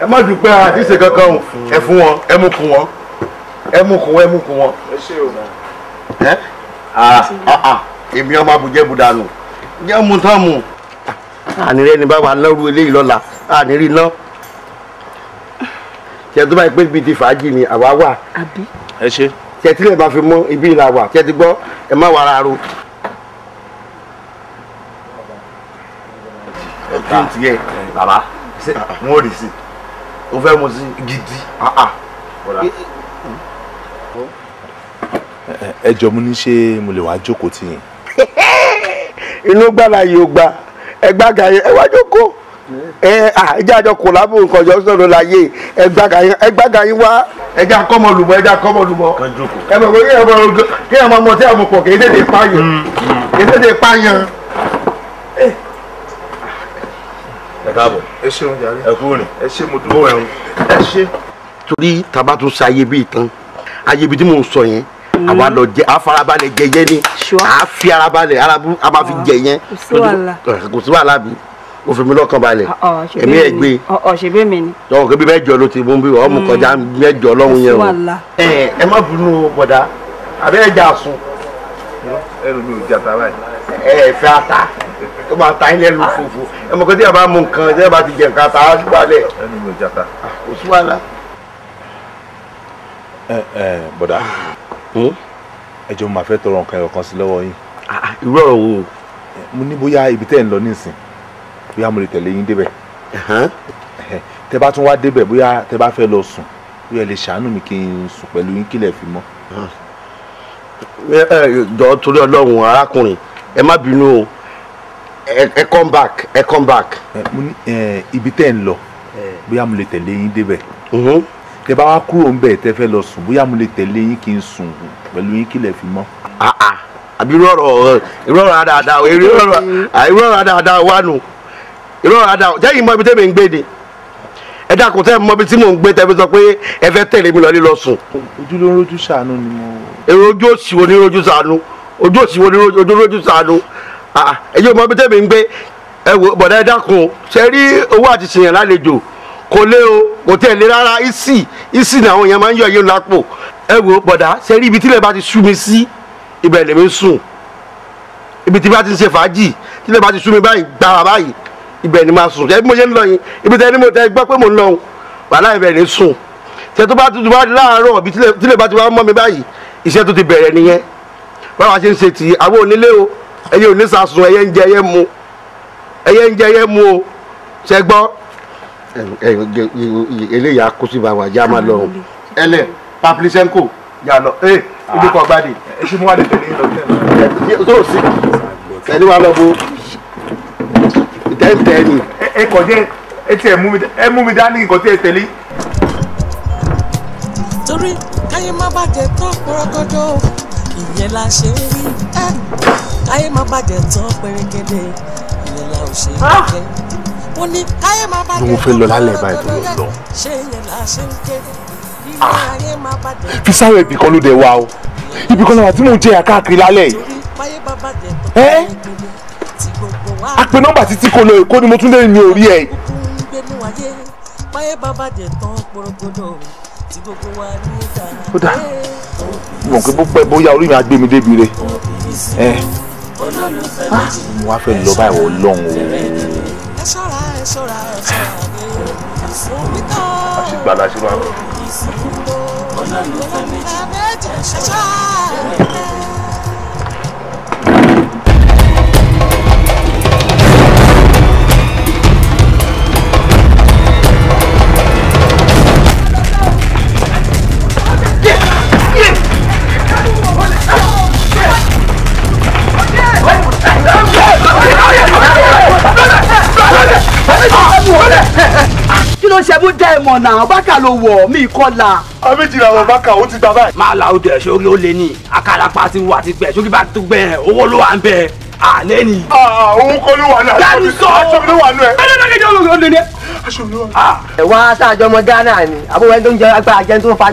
ẹ má dúpẹ́ àdìsẹ́ kankan o ẹ fún wọn ẹ mú kún wọn ẹ mú kún wọn ẹ mú kún wọn. ẹ ṣe o ma. Ah, ah, èmi ọmọ abùjẹ́ budanu jẹ́ mu tán mu. àní rẹ ni bá wa lọ́rùú eléyìí lọ́la àní rí náà ṣe tó bá yẹ pé bíi ti fàájì ni àwa wà. àbí. ẹ ṣe. ṣe tí lè máa fi mọ ibi ìlà wà ṣe ti gbọ́ ẹ má wàrà ro. ẹ kí n tiẹ̀ bàbá wọn ò rì sí o fẹ́ mo sí gidi. Ah, ah. ẹ jọ mo ní ṣe mo lè wá jókòó tì yín. inú gbàlàyé ò gbà ẹgbàgà yẹn ẹ wá jókòó ẹ ẹjẹ àjọ kòlábù nǹkan jọ sọ̀rọ̀ láyé ẹgbàgà yín wá ẹjẹ àkọmọ lùmọ ẹjẹ àkọmọ lùmọ ẹ mọ̀ pé kí ẹ máa mọ tí àwọn pọ̀ kì í tètè pààyàn mm, mm. kì í tètè pààyàn. ẹ káàbọ̀ ẹ ṣeun jàre ẹ kúrò ní ẹ ṣe mo dúró ẹ̀rùn ẹ ṣe. torí taba tún ṣe ayé bíi tán ayé bíi tí mò ń sọ yẹn àwa lọ jẹ àfarabalẹ̀ jẹyẹ ni àfi arabalẹ̀ arabu àbáfi jẹyẹ kò sí wàhálà bíi o fi mi lọ́kàn balẹ̀ èmi ẹ̀ gbé ṣèbí mi ni. ọkọ kébí mẹ́jọ ló ti mú bí ọmọ mm. kọjá mẹ́jọ lọ́hùn yẹn o ẹ ẹ má bínú bọ̀dá àbẹ́ ẹ jà sùn. ẹnu mi ò jà tá báyìí. ẹ ẹ fẹ́ ata tó máa ta ilé lu fòfò ẹ mọ̀ kó a bá mú nǹkan tí a bá ti jẹ nǹkan ta á sí wàlẹ̀. ẹnu mi ò jà tá. Ah, kò sí wàhálà. ẹ ẹ bọ̀dá hmm? ẹ jọ mo máa fẹ́ tọrọ nǹkan ẹ̀rọ kan sí lọ́wọ́ yín. irú ọ̀rọ̀ wo. mo ní bóyá ibi tẹ́ ẹ̀ ń lọ nísìnyí bóyá mo lè tẹ̀lé yín débẹ̀ tẹ bá tún wá débẹ̀ bóyá tẹ bá fẹ́ lọ sùn bóyá lè ṣàánú mi kí n sùn pẹ̀lú yín kílẹ̀ fi mọ́. jọ torí ọlọ́run arákùnrin ẹ má bínú o ẹ come back ẹ come back. ibi tẹ́ ń lọ bóyá mo lè tẹ̀lé yín débẹ̀ tẹ bá wá kúrò ń bẹ̀ tẹ fẹ́ lọ sùn bóyá mo lè tẹ̀lé yín kí n sùn pẹ̀lú yín kílẹ̀ fi mọ́. Ah, ah. àbí irú ọ̀rọ̀ àdáadáa irú àdáadáa wà ìrọ̀rùn ada jẹ́ ìmọ̀ ibi tẹ́mi ń gbé ni ẹ dákun tẹ́ mọ ibi tí mò ń gbé tẹ́mi sọ pé ẹ fẹ́ tẹ̀lé mi lọ lílọ sùn. ojú ló ń rojú sànú ni mo. èrò ojú òsìwò ní rojú sànú ojú òsìwò ní rojú sànú ẹ̀yẹ́ mọ ibi tẹ́mi ń gbé ẹ wò bọ̀dá ẹ dákun ṣe rí owó àti ṣèyàn lálejò kò lé o kò tẹ̀ lé rárá ìsì ìsì ni àwọn èèyàn máa ń yọ yín lápò ẹ wò bọ̀dá ṣe rí ibi tílẹ̀ bá ti sú mi sí ibẹ̀ lèmi sùn ibi tí bá ti ń ṣe fàájì tílẹ̀ bá ti sú mi báyìí gbára báyìí ibẹ̀ ni máa sùn ṣe bí mo ṣe ń lọ yín ibi tẹ́ ni mo tẹ́ gbọ́ pé mo ń lọ wàhálà ibẹ̀ ni sùn ṣe tó bá tutù bá di láàárọ̀ ibi tílẹ̀ bá ti wá mọ́ mi báyìí iṣẹ́ tó ti bẹ̀rẹ̀ nìyẹn báwa ṣe ń ṣe tì í àwọn onílé o ẹyẹ ò ní sàsùn ẹyẹ ń jẹ ẹyẹ mu ẹyẹ ń jẹ ẹyẹ mu o ṣe gbọ́. eléyà kó sí bàbá ajá máa lọ ẹlẹ paplisenko yà lọ ẹ ibi kan gbàdé. ẹ ṣe mú wà lẹ́tẹ̀ẹ́ ní ìlọ tẹ́lẹ̀. tó o sì ẹni wà lọ bó ẹ tẹ ni. ẹ kọ jẹ ẹ tiẹ̀ mú mi ẹ mú mi dání nǹkan tí ẹ tẹ̀lé. torí káyé má bàjẹ́ tán pọ́rọ́gọ́dọ́ ìyẹn la ṣe ń wí. káyé má bàjẹ́ tán pẹ́rẹ́gẹ́dẹ́ ìyẹn la ò ṣe ń ah! jẹ́. mo ní káyé má bàjẹ́ tán pọ́rọ́gọ́dọ́ ìyẹn la ṣe ń ké. Ah! fi sáré ibì ló dé wa o ibì làwọn tí mò ń jẹ́ yà káàkiri lálẹ́ yìí. torí a pe nọ́mbà títí kò lọ èkó ni mo tún lè ní orí ẹ. ó dà mọ̀ pé bó pẹ́ bóyá orí mi á gbé mi débi re ẹ ah, mo wá fẹ́ lọ báyìí ọlọ́run o. a ṣe gbàdá sí wa. ń ṣe fún dẹ́ẹ̀mọ̀ náà bákà ló wọ̀ mí kọ́ la. abéjì làwọn bákà ó ti gbà báyìí. máa la òde sórí ó lé ní àkàràpá ti wà ti gbẹ sórí bá tó gbẹ owó ló wà ń bẹ àlẹ́ ni. òun ah, ah, kọ́ ló wà náà aṣọ ló wà nù ẹ. ẹni náà kẹjọ ló ní. aṣọ ló wà. Ah. ẹ̀wọ̀n Ghana ni àbúrò ẹni tó ń jẹ agbára jẹun tó ń fa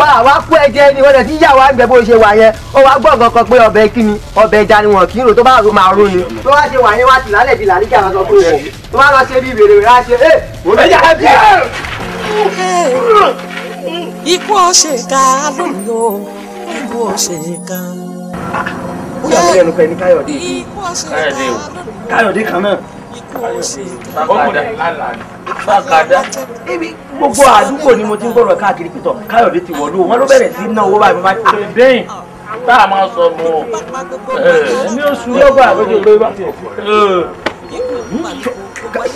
wá wá kú ẹ̀jẹ̀ ni wọ́n lè ti yà wá gbẹ bó ṣe wà yẹn ó wá gbọ̀ngàn kan pé ọbẹ̀ kí ni ẹja ni wọn kì í rò tó bá rò máa rò ni tó wá ṣe wà yẹn wá ti lálẹ́ di làríkà lọ́sọ fún rẹ̀ tó bá lọ ṣe bí ìbèrè rẹ̀ á ṣe é ẹja ẹ bí. ikú ọ̀ṣẹ̀ká lómi o ikú ọ̀ṣẹ̀ká. ó yà mí lẹ́nu pẹ̀ ní káyọ̀dé káyọ̀dé kan náà ikú owó sí i. ibi gbogbo àdúgbò ni mo ti ń gbọ́rọ̀ káàkiri pítọ̀ káyọ̀dé ti wọ̀lú wọn ló bẹ̀rẹ̀ sí í ná owó báyìí mo máa ti dẹ́yìn tá a máa sọ mu ọ ní oṣù lọ́gbà àgbẹ̀jọ̀ lórí bá ti ẹ̀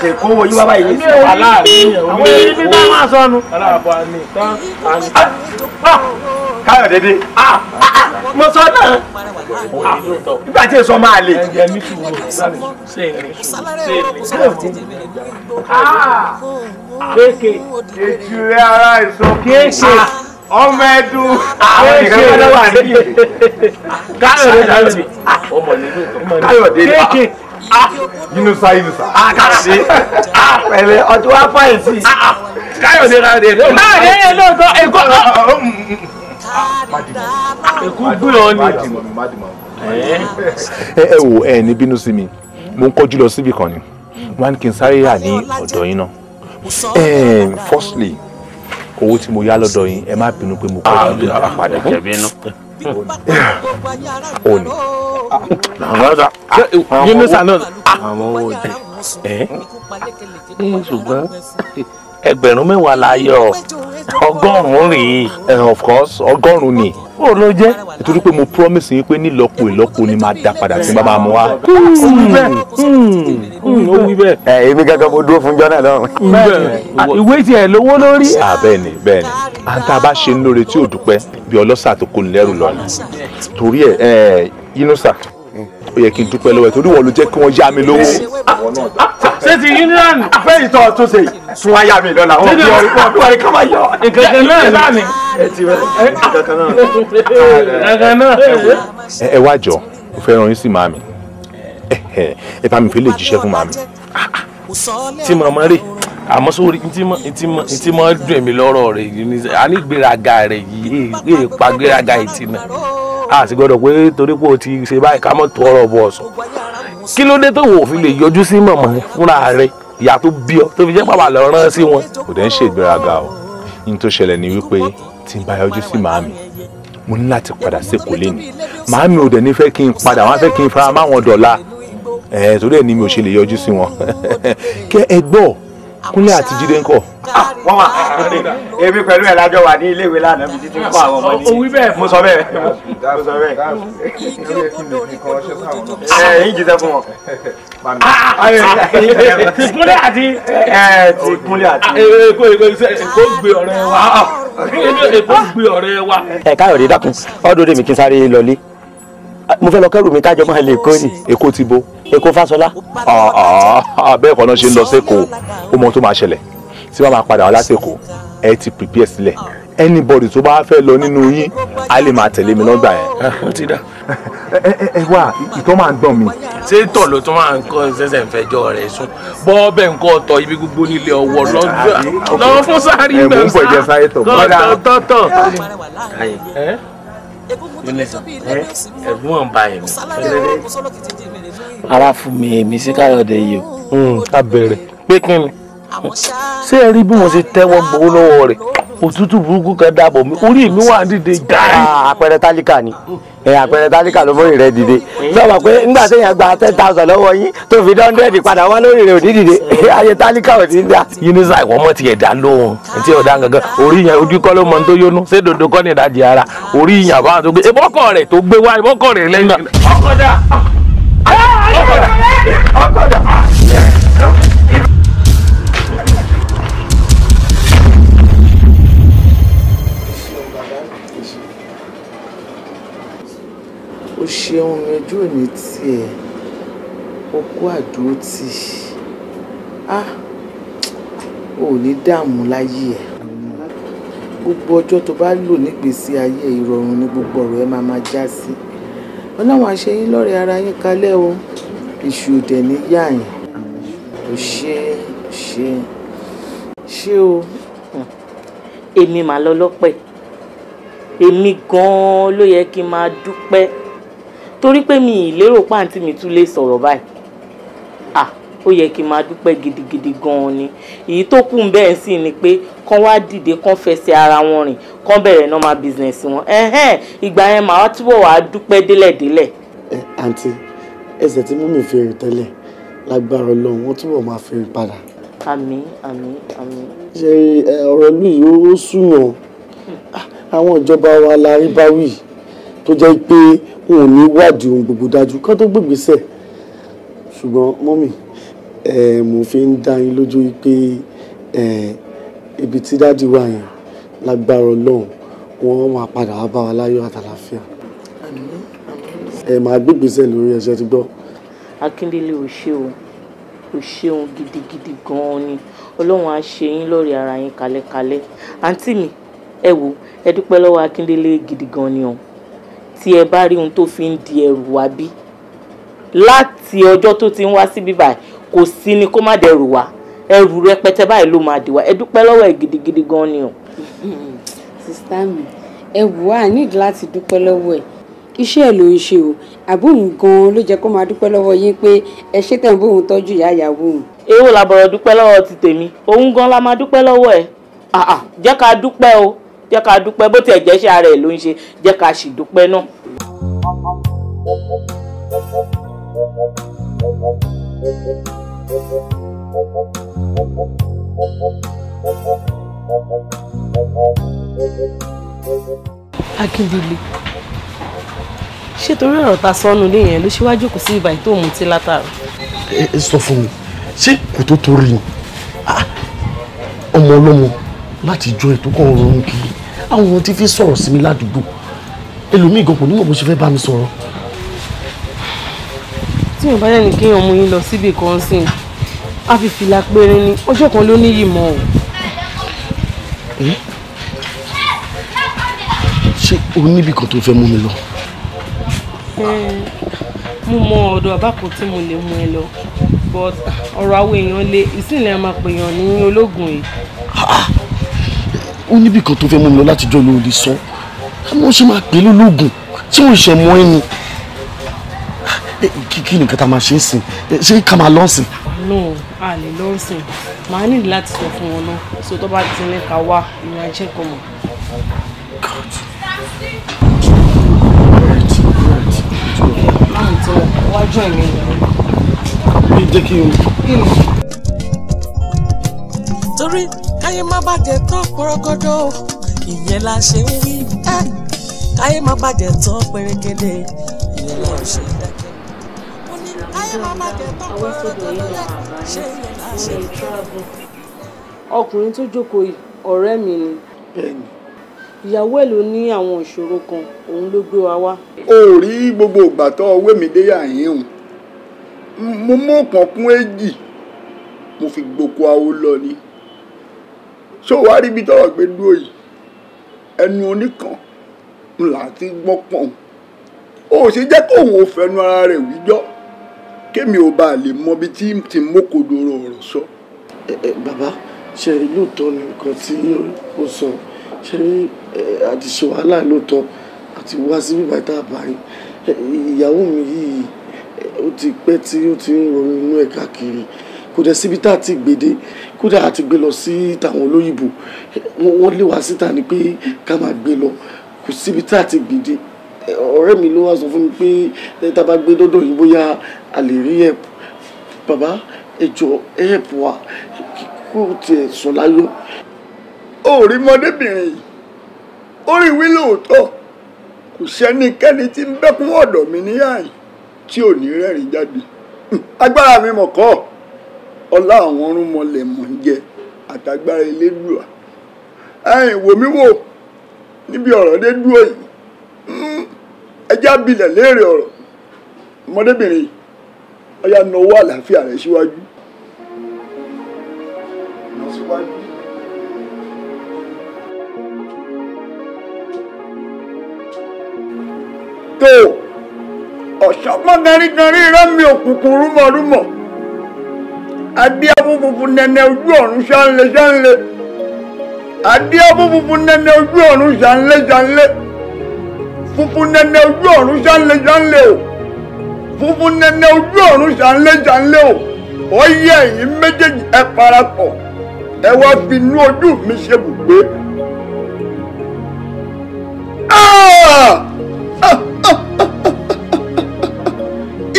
ṣèkówó yín bábá yìí sí wà láàrin àwọn èyí bí bá máa sọnù. aláàbọ̀ àmì tán àmì. káyọ̀dé ah, mo sọ náà nígbà tí èso máa lè. ẹ̀jẹ̀ mi tù wò sálẹ̀ sẹ́ẹ̀lì sẹ́ẹ̀lì. kéèké ètùrẹ ara ìsọkè ọmọ ẹdun àwọn ìgbà wọn wà níbi káyọ̀dé dé káyọ̀dé yunusa yunusa. a kà sí. a pẹ̀lẹ́ ọdún wa fà yìí sí. Ah, ah. káyọ̀dé ra rẹ̀ ah, lóòótọ́. náà rẹ̀ yẹn lóòótọ́ èkó. Um, um, um. èkó gbúyọ̀ ni. Eh. ẹ wo ẹ ní bínú sí mi mo ń kọjú lọ síbi kan ni wọn kì í sáré yà ní ọ̀dọ̀ yín náà eh, firstly owó tí mo yá lọ́dọ̀ yín ẹ má bínú pé mo kọjú lọ padà òní. mínísà náà. àwọn owó ẹ ẹ ṣùgbọ́n ẹgbẹ̀rún mẹ́wàá la yọ ọgọ́rùn-ún rèé eh, of course ọgọ́rùn-ún ni ó ló jẹ́ nítorí pé mo promise yín pé nílọ́po ìlọ́po ni máa dá padà sí bàbá mu wa. Hmm, hmm, hmm, ó wí bẹ́ẹ̀ ó wí bẹ́ẹ̀. ẹ èmi gangan mo dúró fún jọ́nà náà. Ah, ìwé tiẹ̀ lówó lórí. bẹ́ẹ̀ ni bẹ́ẹ̀ ni à ń tá a bá ṣe ń lóore tí ò dúpẹ́ bí ọlọ́sà tó kó nílẹ́rù lọ ni torí ẹ eh, yínúṣà ó yẹ kí n dúpẹ́ lọ́wọ́ ẹ torí wọ́n ló jẹ́ kí wọ́n yá mi lówó ṣé ti yín náà nù. afẹ́ to tó ṣe sun aya mi lọ́la wọn bí wọn bí wọn kàn máa yọ. nǹkankan náà náà ni. ẹ ti rẹ nǹkankan náà. nǹkankan náà. ẹ wá jọ mo fẹ́ ràn yín sí màmí ẹ bá mi fi lè jíṣẹ́ fún màmí tí màmá rè àmọ́ sórí ntí mọ́ dùn èmi lọ́rọ̀ rẹ̀ yìí ni àní ìgbéraga rẹ̀ yìí èè e, e, pa ìgbéraga ìtì náà a sì gbọ́dọ̀ pé torí pé o ti ṣe báyìí ká mọ̀ tó ọ̀rọ̀ bọ̀ ọ̀sán kí ló dé tó wò fi lè yọjú sí mọ̀mọ́ fúnra rẹ̀ ìyá tó bí ọ tó fi jẹ́ pàpà lọ rán sí wọn. kò dẹ́ ń ṣe o ní tó ṣẹlẹ̀ ni wípé tí n bá yọjú sí màámi mo ní láti padà sékòó lẹ́nu màámi ò dẹ̀ ní fẹ́ kí n padà wọ́n á fẹ́ kí n fara máwọn dọ̀la ẹ̀ torí mi ò ṣe lè yọjú sí wọn [laughs] kẹ́ ẹ kúnlẹ̀ àti jíde ńkọ́. Ah, wọ́n wà èmi pẹ̀lú ẹ̀ lájọ wà ní iléèwé lánàá mi títí fún àwọn ọmọ ní. òwú bẹ́ẹ̀ mo sọ bẹ́ẹ̀ mo sọ bẹ́ẹ̀. ẹ eh, yín jíṣẹ́ fún wọn. [laughs] Ah, ah, kúnlẹ̀ àti. ẹ eh, eh, ti kúnlẹ̀ àti. èkó èkó gbé ọ̀rẹ́ wa èkó gbé ọ̀rẹ́ wa. ẹ káyọ̀dé dákun ọdún òde mi kí n sáré lọlé mo fẹ́ lọ kẹ́rù mi kájọ máa lè kó ni. èkó ti bo. èkó fáṣọlá. bẹ́ẹ̀ kọ́ náà ṣe ń lọ sẹ́kọ̀ọ́ ó mọ tó máa ṣẹlẹ̀ tí wọ́n máa padà wá lásìkò ẹ ti prepare sílẹ̀ anybody tó bá fẹ́ lọ nínú yín á lè máa tẹ̀lé mi lọ́gbà yẹn. Ah, ó ti dà. ẹ ẹ wá ìtọ́ máa ń gbọ́n mi. ṣé tọ̀ ló tún máa ń kọ́ ṣẹ̀ṣẹ̀ ń fẹjọ́ rẹ̀ sùn bọ́ọ̀bẹ̀ nǹkan ọ̀tọ̀ ibi gbogbo nílé ọwọ́ lọ́wọ́ fún sáré ìgbà sáà tọ̀ ẹ̀gbọ́n ọba yẹn ara fún mi èmi sí káyọ̀dé yìí o. Hmm, a bẹ̀rẹ̀ pé kí ni ṣé ẹ rí bí mo ṣe tẹ́wọ́ gbowó lọ́wọ́ rẹ̀ òtútù burúkú kan dàbọ̀ mi orí mi wà dìde gbáà. àpẹẹrẹ tálíkà ni. ẹ àpẹẹrẹ tálíkà ló mórí rẹ dìde sọ̀rọ̀ pé nígbà téèyàn gba ten thousand lọ́wọ́ yín tó fi padà wá lórí rẹ ní dìde ayé tálíkà ò dá. unisa ìwọ mọ tiẹ̀ dá gangan orí yẹn ojú ló mọ tó yónú ṣé dodo ìdajì ara orí yẹn àbá tó gbé tó gbé wá ọkọ̀dà o ṣeun mi ojú òní tiẹ̀ o kú àdúrótì ah o ò ní dààmú láyé ẹ gbogbo ọjọ́ tó bá lò nígbèésí ayé ìrọ̀rùn ni gbogbo ọ̀rọ̀ ẹ máa máa já sí ọlọ́run àṣeyín lọ́rẹ̀ ara yín kalẹ̀ o èṣù òdẹ ní yáàyàn ò ṣe ṣe ṣe o. èmi màá lọ lọ́pẹ́ èmi gan-an ló yẹ kí n máa dúpẹ́ torí pé mi ì lérò pé àǹtí mi tún lè sọ̀rọ̀ báyìí ah ó yẹ kí n máa dúpẹ́ gidigidi gan-an ni èyí tó kù bẹ́ẹ̀ sì ni pé kán wá dìde kán fẹsẹ̀ ara wọn rìn kán bẹ̀rẹ̀ normal business wọn ẹ̀hẹ́n ìgbà yẹn màá túbọ̀ wá dúpẹ́ délẹ̀délẹ̀. ẹ àǹtí ẹsẹ̀ tí múmi fi rìn tẹ́lẹ̀ lágbára ọlọ́run wọ́n túbọ̀ máa fi rìn padà. àmín àmín àmín. ṣe ọ̀rọ̀ mi yìí ó súnyàn hmm. ah, àwọn ìjọba wa la rí báwì. Hmm tó jẹ́ pé wọn ò ní wádìí ohun gbogbo dájú kán tó gbègbèsẹ̀ ṣùgbọ́n mọ́mì mo fi ń dá yín lójú pé ibi tí dáàdi wà yẹn lágbára ọlọ́run wọ́n máa padà wá bá wa láyọ̀ àtàlàfíà ẹ máa gbégbèsè lórí ẹsẹ ti gbọ́. akíndélé ò ṣeun ò ṣeun gidigidi gan-an ni ọlọ́run á ṣe yín lórí ara yín kalẹ́kalẹ́ àǹtí mi ẹ wo ẹ dúpẹ́ lọ́wọ́ akíndélé gidi gan-an ni ọ̀hún tí ẹ bá rí ohun tó fi ń di ẹrù wá bí láti ọjọ́ tó ti ń wá síbí báyìí kò sí ni kó má dẹrù wá ẹrù rẹpẹtẹ báyìí ló máa dì wá ẹ dúpẹ́ lọ́wọ́ ẹ gidigidi gan ni o. [laughs] sista mi ẹ wù á nídìí láti dúpẹ́ lọ́wọ́ ẹ̀ iṣẹ́ ẹ̀ ló ń ṣe o àbóhùn gan-an ló jẹ́ kó máa dúpẹ́ lọ́wọ́ yín pé ẹ ṣe tẹ̀ ń bóhùn tọ́jú ìyá ìyàwó òun. èwo làbọ̀rọ̀ dúpẹ́ lọ́wọ́ ti tèmi òun gan la máa dúpẹ́ lọ́wọ́ ẹ̀ jẹ́ ká dúpẹ́ o jẹ́ ká dúpẹ́ bó tiẹ̀ jẹ́ iṣẹ́ ara ẹ̀ ló ń ṣe jẹ́ ká sì dúpẹ́ náà. akíndélé ṣé torí ọ̀rọ̀ ta sọnù lé yẹn ló ṣíwájú kò sí ìbàyí tó mutí látàrọ. ẹ sọ fún mi ṣé kò tó torí ah, ọmọ ọlọ́mọ láti jọ ètò kan ronú kiri àwọn èèyàn ti fi sọ̀rọ̀ sí mi ládùúgbò ẹlòmíì gan kò ní mọ̀ bó ṣe fẹ́ bá mi sọ̀rọ̀. tí mo bá yẹ ní kéèyàn mú yín lọ síbi kan sí i á fi fìlà péré ni ọjọ́ kan ló níyì mọ́ o. ṣé o níbi kan tó fẹ́ mú mi lọ. mo mọ ọ̀dọ̀ àbákò tí mo lè mú ẹ lọ but ọ̀rọ̀ àwọn èèyàn lè ìsìnlẹ̀ máa pèèyàn ní ológun yìí ó níbì kan tó fẹ́ mú mi lọ látijọ́ ló lè sọ wọ́n ṣe máa pè é tí wọ́n ṣe mọ́ ẹni kí nìkan tá máa ṣe ń sìn ṣé ká máa lọ́ sìn. no a lọ sìn màá nílò láti sọ fún wọn náà so tó bá ti ní ká wá ìrìn àjẹ kan mọ. torí káyé má bàjẹ́ tán pọ́rọ́gọ́dọ́ ìyẹn la ṣe ń wí káyé má bàjẹ́ tán pẹ̀rẹ̀gẹ̀dẹ̀ ìyẹn la ṣe ń dákẹ́. mo ní káyé má bàjẹ́ tán pọ́rọ́gọ́dọ́ ṣe ìyẹn la ṣe ń wí. ọkùnrin tó jókòó yìí ọ̀rẹ́ mi ni. bẹ́ẹ̀ni ìyàwó ẹ̀ ló ní àwọn ìṣòro kan òun ló gbé wa wá. o ò rí gbogbo ìgbà tó ọwé mi dé yàyín o mo mú ọ̀pọ̀ kún èjì mo fi gboko awo lọ ni ṣó wàá rí ibi tọ́rọ̀ gbé dúró yìí ẹnu oníkan ń là á ti gbọ́ pọ̀n o ò sì jẹ́ kóun ò fẹnu ara rẹ̀ wíjọ́ kémi ò bá lè mọ ibi tí ti mókodoro ọ̀rọ̀ sọ. ẹ ẹ bàbá ṣe lóòótọ́ ni nǹkan tí ó sọ ṣe àdìṣe wàhálà lóòótọ́ àti wá sí bíbá tá a bá yín ìyàwó mi yìí ó ti pẹ́ tí ó ti ń ronú inú ẹ̀ káàkiri kò dẹ̀ síbi tá a ti gbèdé kódà a ti gbé lọ sí tàwọn olóyìnbó wọ́n lé wa síta ni pé ká máa gbé lọ kò síbi tá a ti gbèdé ọ̀rẹ́ mi ló wá sọ fún mi pé tá a bá gbé dọ́dọ̀ yìí bóyá a lè rí ẹ̀pù bàbá ẹ̀jọ̀ ẹ̀pù wa kó tiẹ̀ sọ láyọ̀. ó rí mọdébìnrin yìí ó rí wí lóòótọ́ kò sẹ́nikẹ́ni tí ń bẹ́kún ọ̀dọ̀ mi níyà yìí tí ò ní rẹ́rìn jáde agbára mi mọ̀ kọ́ ọ́ ọlá àwọn ọ̀run mọlẹ̀ mọ̀ ń jẹ àtàgbára elédùà ẹ̀yin wò mí wò níbi ọ̀rọ̀ dé dúró yìí hmm, ẹjá bilẹ̀ léèrè ọ̀rọ̀ ọmọdébìnrin ọyá nawọ́ àlàáfíà rẹ̀ síwájú. lọ síwájú. tó ọ̀sán mọ́ gánrígánrí rẹ́mi òkùnkùn rúmọ̀rúmọ̀ adéabó funfun nẹnẹ ojú ọ̀run ṣánlé ṣánlé adéabó funfun nẹnẹ ojú ọ̀run ṣánlé ṣánlé funfun nẹnẹ ojú ọ̀run ṣánlé ṣánlé o funfun nẹnẹ ojú ọ̀run ṣánlé ṣánlé o ó yẹ ẹ̀yin méjèèjì ẹ parapọ̀ ẹ wá fi inú ojú mi ṣe bùgbé.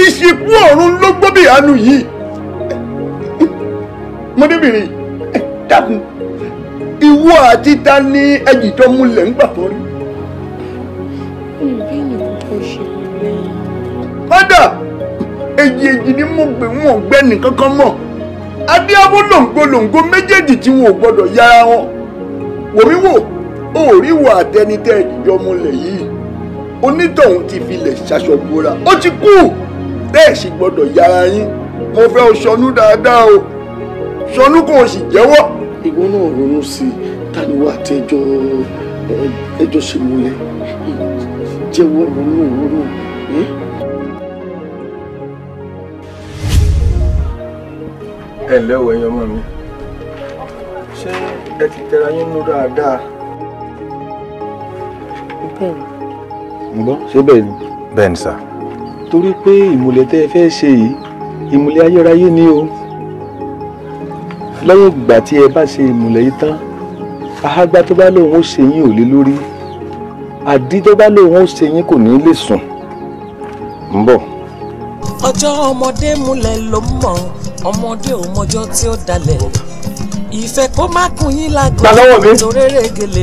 ìsìnkú ọ̀run ló gbọ́ bí àánú yìí mọdébìnrin ẹ dákun ìwọ àti ta ní ẹjì tó múlẹ̀ ń gbà tó rí. kódà èjì èjì ni mo gbé wọn ọgbẹ́ni kankan mọ̀ adéábó lòǹgbò lòǹgbò méjèèjì tí wọn ò gbọdọ̀ yára wọn wòmí wò ó rí wà àtẹnitẹ ìjọ múlẹ̀ yìí onítọ̀hún ti filẹ̀ ṣaṣọ gbóra ó ti kú bẹ́ẹ̀ sì gbọdọ̀ yára yín mo fẹ́ o dáadáa o ṣọnú kò sì jẹ́wọ́. ìwọ náà ronú sí i taniwo àtẹjọ ẹjọ ṣe múlẹ̀ jẹ́wọ́ ronú ronú. ẹ lẹ́wọ̀ ẹ̀yọ́ mọ́ mi ṣé ẹ ti tẹra yín nú dáadáa. bẹ́ẹ̀ ni. ǹgbọ́n ṣé bẹ́ẹ̀ ni. bẹ́ẹ̀ ni sà. torí pé ìmùlẹ̀ tẹ́ ẹ fẹ́ ṣe yìí ìmùlẹ̀ ayérayé ni o lẹ́yìn ìgbà tí ẹ bá ṣe ìmùlẹ̀ yìí tán àhágbá tó bá lóun ó ṣe yín ò lé lórí àdí tó bá lóun ó ṣe yín kò ní lè sùn ń bọ̀. ọjọ́ ọmọdé múlẹ̀ ló mọ̀ ọmọdé ò tí ó dalẹ̀ ìfẹ́ kó má kun yín lágbo nítorí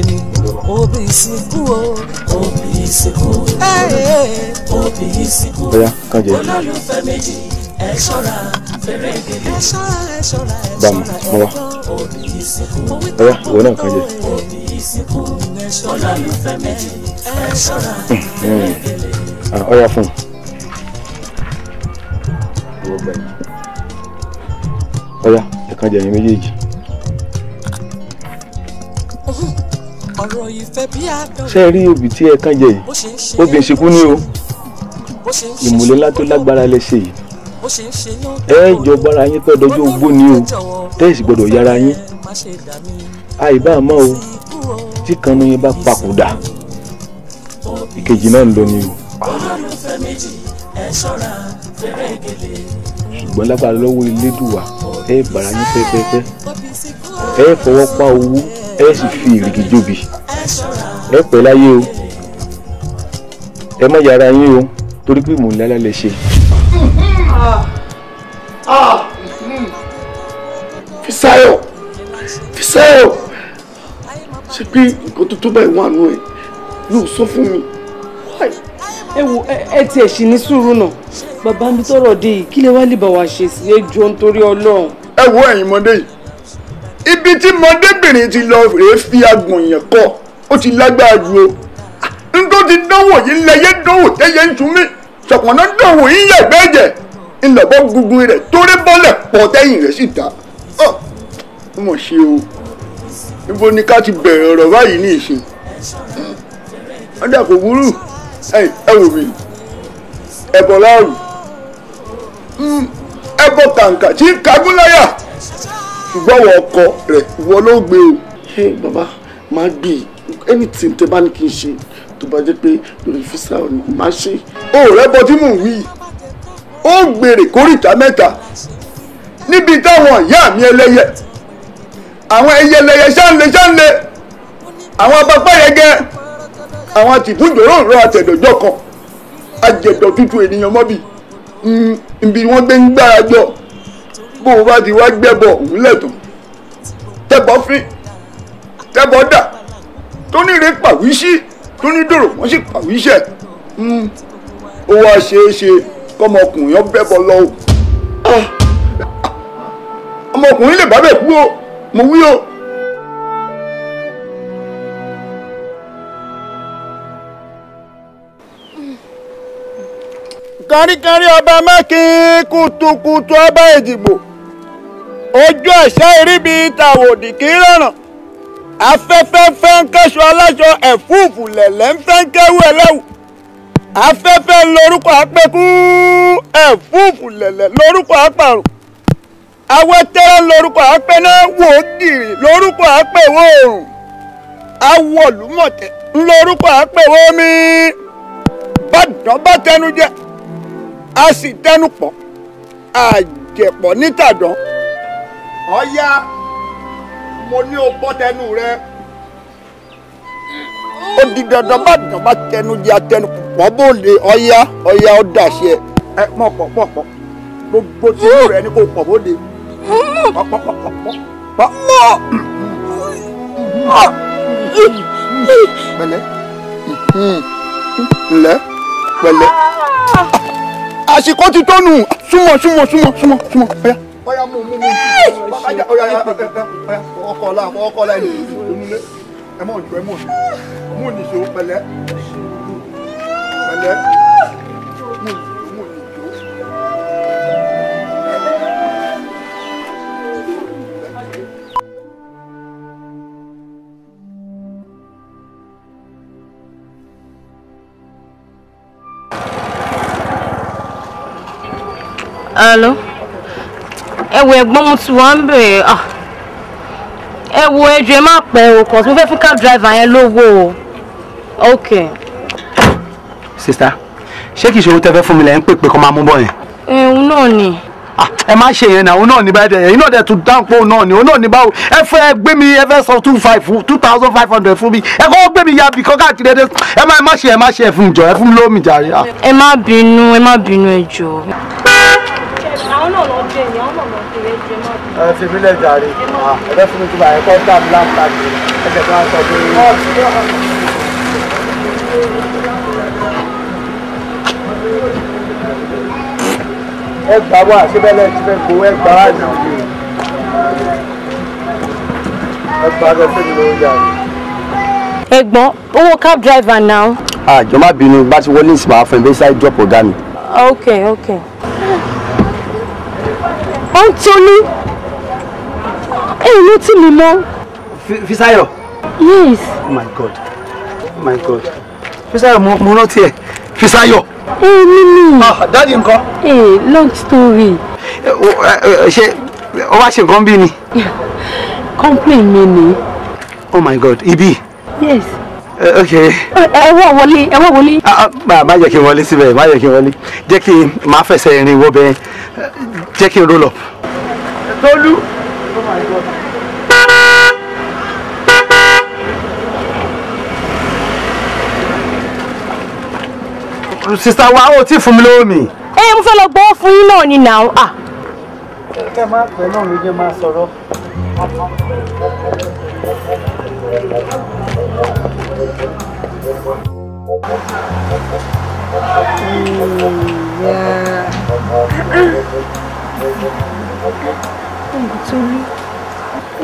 ni òbí ìsìnkú o òbí ìsìnkú o òbí ìsìnkú olólùfẹ́ méjì ẹ ṣọ́ra bàmù mo wá ẹ wá ìwọ náà kàn jẹ. ọ hmm. ah, yà fún un ọ yà ẹ kàn jẹ ẹyin méjèèjì. ṣé ẹ rí obì tí ẹ kàn jẹ yìí obì ń ṣekú ní o ìmùlẹ́lá tó lágbára lẹ ṣe yìí ẹ jọ bára yín pẹ́ dọjọ́ ogbó ni o tẹ́sí gbọ́dọ̀ yára yín àìbá àmọ́ o tí kan ní yín bá papòdà ìkejì náà ń lọ ni o. ṣùgbọ́n lágbára lọ́wọ́ elédùwà ẹ bára yín pẹ́pẹ́pẹ́ ẹ fọwọ́ pa owó ẹ sì fi ìrìgì jóbi ẹ pẹ́ láyé o ẹ má yára yín o torí pé mò ń lálẹ́ lè ṣe. Ah. Ah. Fisayo Fisayo, ṣe pé nǹkan tó tó báyìí wà mi. ẹ wo ẹ tiẹ̀ ṣì ní tọrọ wa ṣe sí ẹjọ́ nítorí wo yìí ibi tí ti lọ rèé fi agbọ̀n yẹn kọ́ ti lágbára ju o ah, n ti dánwò yìí lẹyẹ dánwò tẹyẹ ń sunmí yìí ńlọbọ gungun rẹ̀ torí bọ́lẹ̀ pọ̀ tẹ́yìn rẹ̀ sì dá ọ mọ̀ ṣe o níbo ni ká ti bẹ̀rẹ̀ ọ̀rọ̀ báyìí ní ìsìn ọ̀dà kò burú ẹ wò mí ẹ̀bọ̀ láàrú hmm, ẹ̀bọ̀ kàǹkà tí kagúnláyà ṣùgbọ́n wọ ọkọ rẹ̀ wọ ló gbé o. ṣé bàbá máa gbé anything tẹ bá ní kí n ṣe tó bá jẹ́ pé lórí fisa ò máa ṣe. o rẹ bọ tí mò ń wí yìí ó gbèrè kórìtà mẹ́ta níbi táwọn ìyá mi ẹlẹ́yẹ àwọn ẹyẹlẹyẹ ṣáńlẹ ṣáńlẹ àwọn abapá yẹgẹ àwọn àtìbújòrò rọ àtẹ̀dọ̀jọ kan àjẹ̀dọ̀ tútù ènìyàn mọ́bì hmm, ibi wọ́n gbé ń gbára jọ bó o bá ti wá gbẹ́bọ̀ òun lẹ̀tọ̀ tẹ́bọ̀ fín tẹ́bọ̀ dà tó ní ìrè pàwíṣí tó ní dòrò wọ́n sì pàwíṣẹ̀ hmm, ó wá ṣeé ṣe kọ́mọkùnrin yẹn bẹ́bọ lọ o ah! ọmọkùnrin lè bá bẹ̀ kú o mo wí o. káríkárí ọba mákin kùtùkùtù ọba èjìgbò ojú ẹ̀ṣẹ́ ìríbi tàwòdì kì í rọ̀ràn afẹ́fẹ́ fẹ́ ń kẹ́sọ aláṣọ ẹ̀fúùfù lẹ̀lẹ́ ń fẹ́ ń kéwú ẹlẹ́wù. afẹ́fẹ́ lorúkọ apẹ́kú ẹ̀fúùfù lẹ̀lẹ̀ lorúkọ apàrùn awẹ́tẹ́rẹ́ lorúkọ apẹ́ná wòódìrì lorúkọ apẹ́wò òrùn lorúkọ apẹ́wò omi tẹnu a sì tẹnu pọ̀ àjẹpọ̀ nítàdán. mo ní o bọ́ tẹnu rẹ pọ̀ bóde ọ̀yá ọ̀yá ó dàṣẹ ẹ mọ̀ pọ̀ pọ̀ pọ̀ gbogbo tí inú rẹ ni kò pọ̀ bóde pọ̀ pọ̀ pọ̀ pọ̀ pọ̀. pẹ̀lẹ́ ǹlẹ́ pẹ̀lẹ́ àsìkò ti tó nù súnmọ́ súnmọ́ súnmọ́ súnmọ́ súnmọ́ ọ̀yá. ọ̀yá mú mú mú ọ̀yá ọkọ̀ ọ̀la ọkọ̀ ọ̀la ẹ̀ ẹ̀ mọ̀ ọ̀dùn ẹ̀ mọ̀ ọ̀dùn mú nìṣó pẹ̀lẹ́ pẹ̀lẹ́ mo lè mo lè jó. alo ẹ wo ẹ̀gbọ́n mo ti wá ń bèrè ah. ẹ wo ẹjọ́ ẹ o kàn tí mo fẹ́ fún cab driver yẹn lówó o ok sista ṣé kìí ṣe owó tẹ́fẹ́ fún mi lẹ́yìn pèpè kan máa mú bọ̀ yẹn. ẹ̀hún náà ni. ẹ má ṣe yẹn náà òun náà ní báyìí ẹ̀yin náà dẹ̀ tún dáhùn pé òun náà ni òun náà ní báwo ẹ fẹ́ gbé mi ẹ fẹ́ sọ two five two thousand five hundred fún mi ẹ kọ́ gbé mi ya bì kọ́ káàkiri ẹ̀dẹ́ ẹ má ẹ má ṣe ẹ má ṣe ẹ fún mi jọ ẹ fún mi lómi jàre. ẹ má bínú ẹ má bínú ẹ jọ. àwọn náà lọ jẹ ìyá àwọn náà lọ jẹ ẹ fi mí lẹ jàre ẹ fẹ́ fún mi tí mo àyẹ̀kọ́ dà mí láǹfààní ẹ jẹ̀ tó wá sọ pé. ẹ gbà wá síbẹ̀lẹ̀ tí fẹ́ kó ẹ gbà wá nà mí ẹ gbà lọ sí mi lórí ìyá mi. ẹ̀gbọ́n owó cab driver now. àjọ má bínú bá ti wọlé ìsìn máa fún ẹ bẹ́sẹ̀ drop ọ̀gá mi. ok ok. ó ń tóní èyí ló tì mí mọ́. Fisáyọ̀. yes. oh my god oh my god Fisáyọ̀ mo rántí ẹ Fisáyọ̀ ẹ Ah, dáàdi nǹkan. ẹ long story. Eh, oh, eh, eh, ṣé o wá ṣe nǹkan bí ni. complain mi ni. oh my god ibi. yes. Uh, ok. ẹ wọ wọlé ẹ wọ wọlé. Ah, ah, má jẹ́ kí n wọlé síbẹ̀ má jẹ́ kí n wọlé jẹ́ kí n máa fẹsẹ̀ rìn wọ́bẹ̀ jẹ́ kí n ró lọ. tolú. oh my god. sista wa o ti fún mi lówó mi. ẹ mo fẹ́ lọ gbọ́ fún yín náà ni now. Ah. ẹ má pẹ́ náà ló jẹ́ máa sọ̀rọ̀.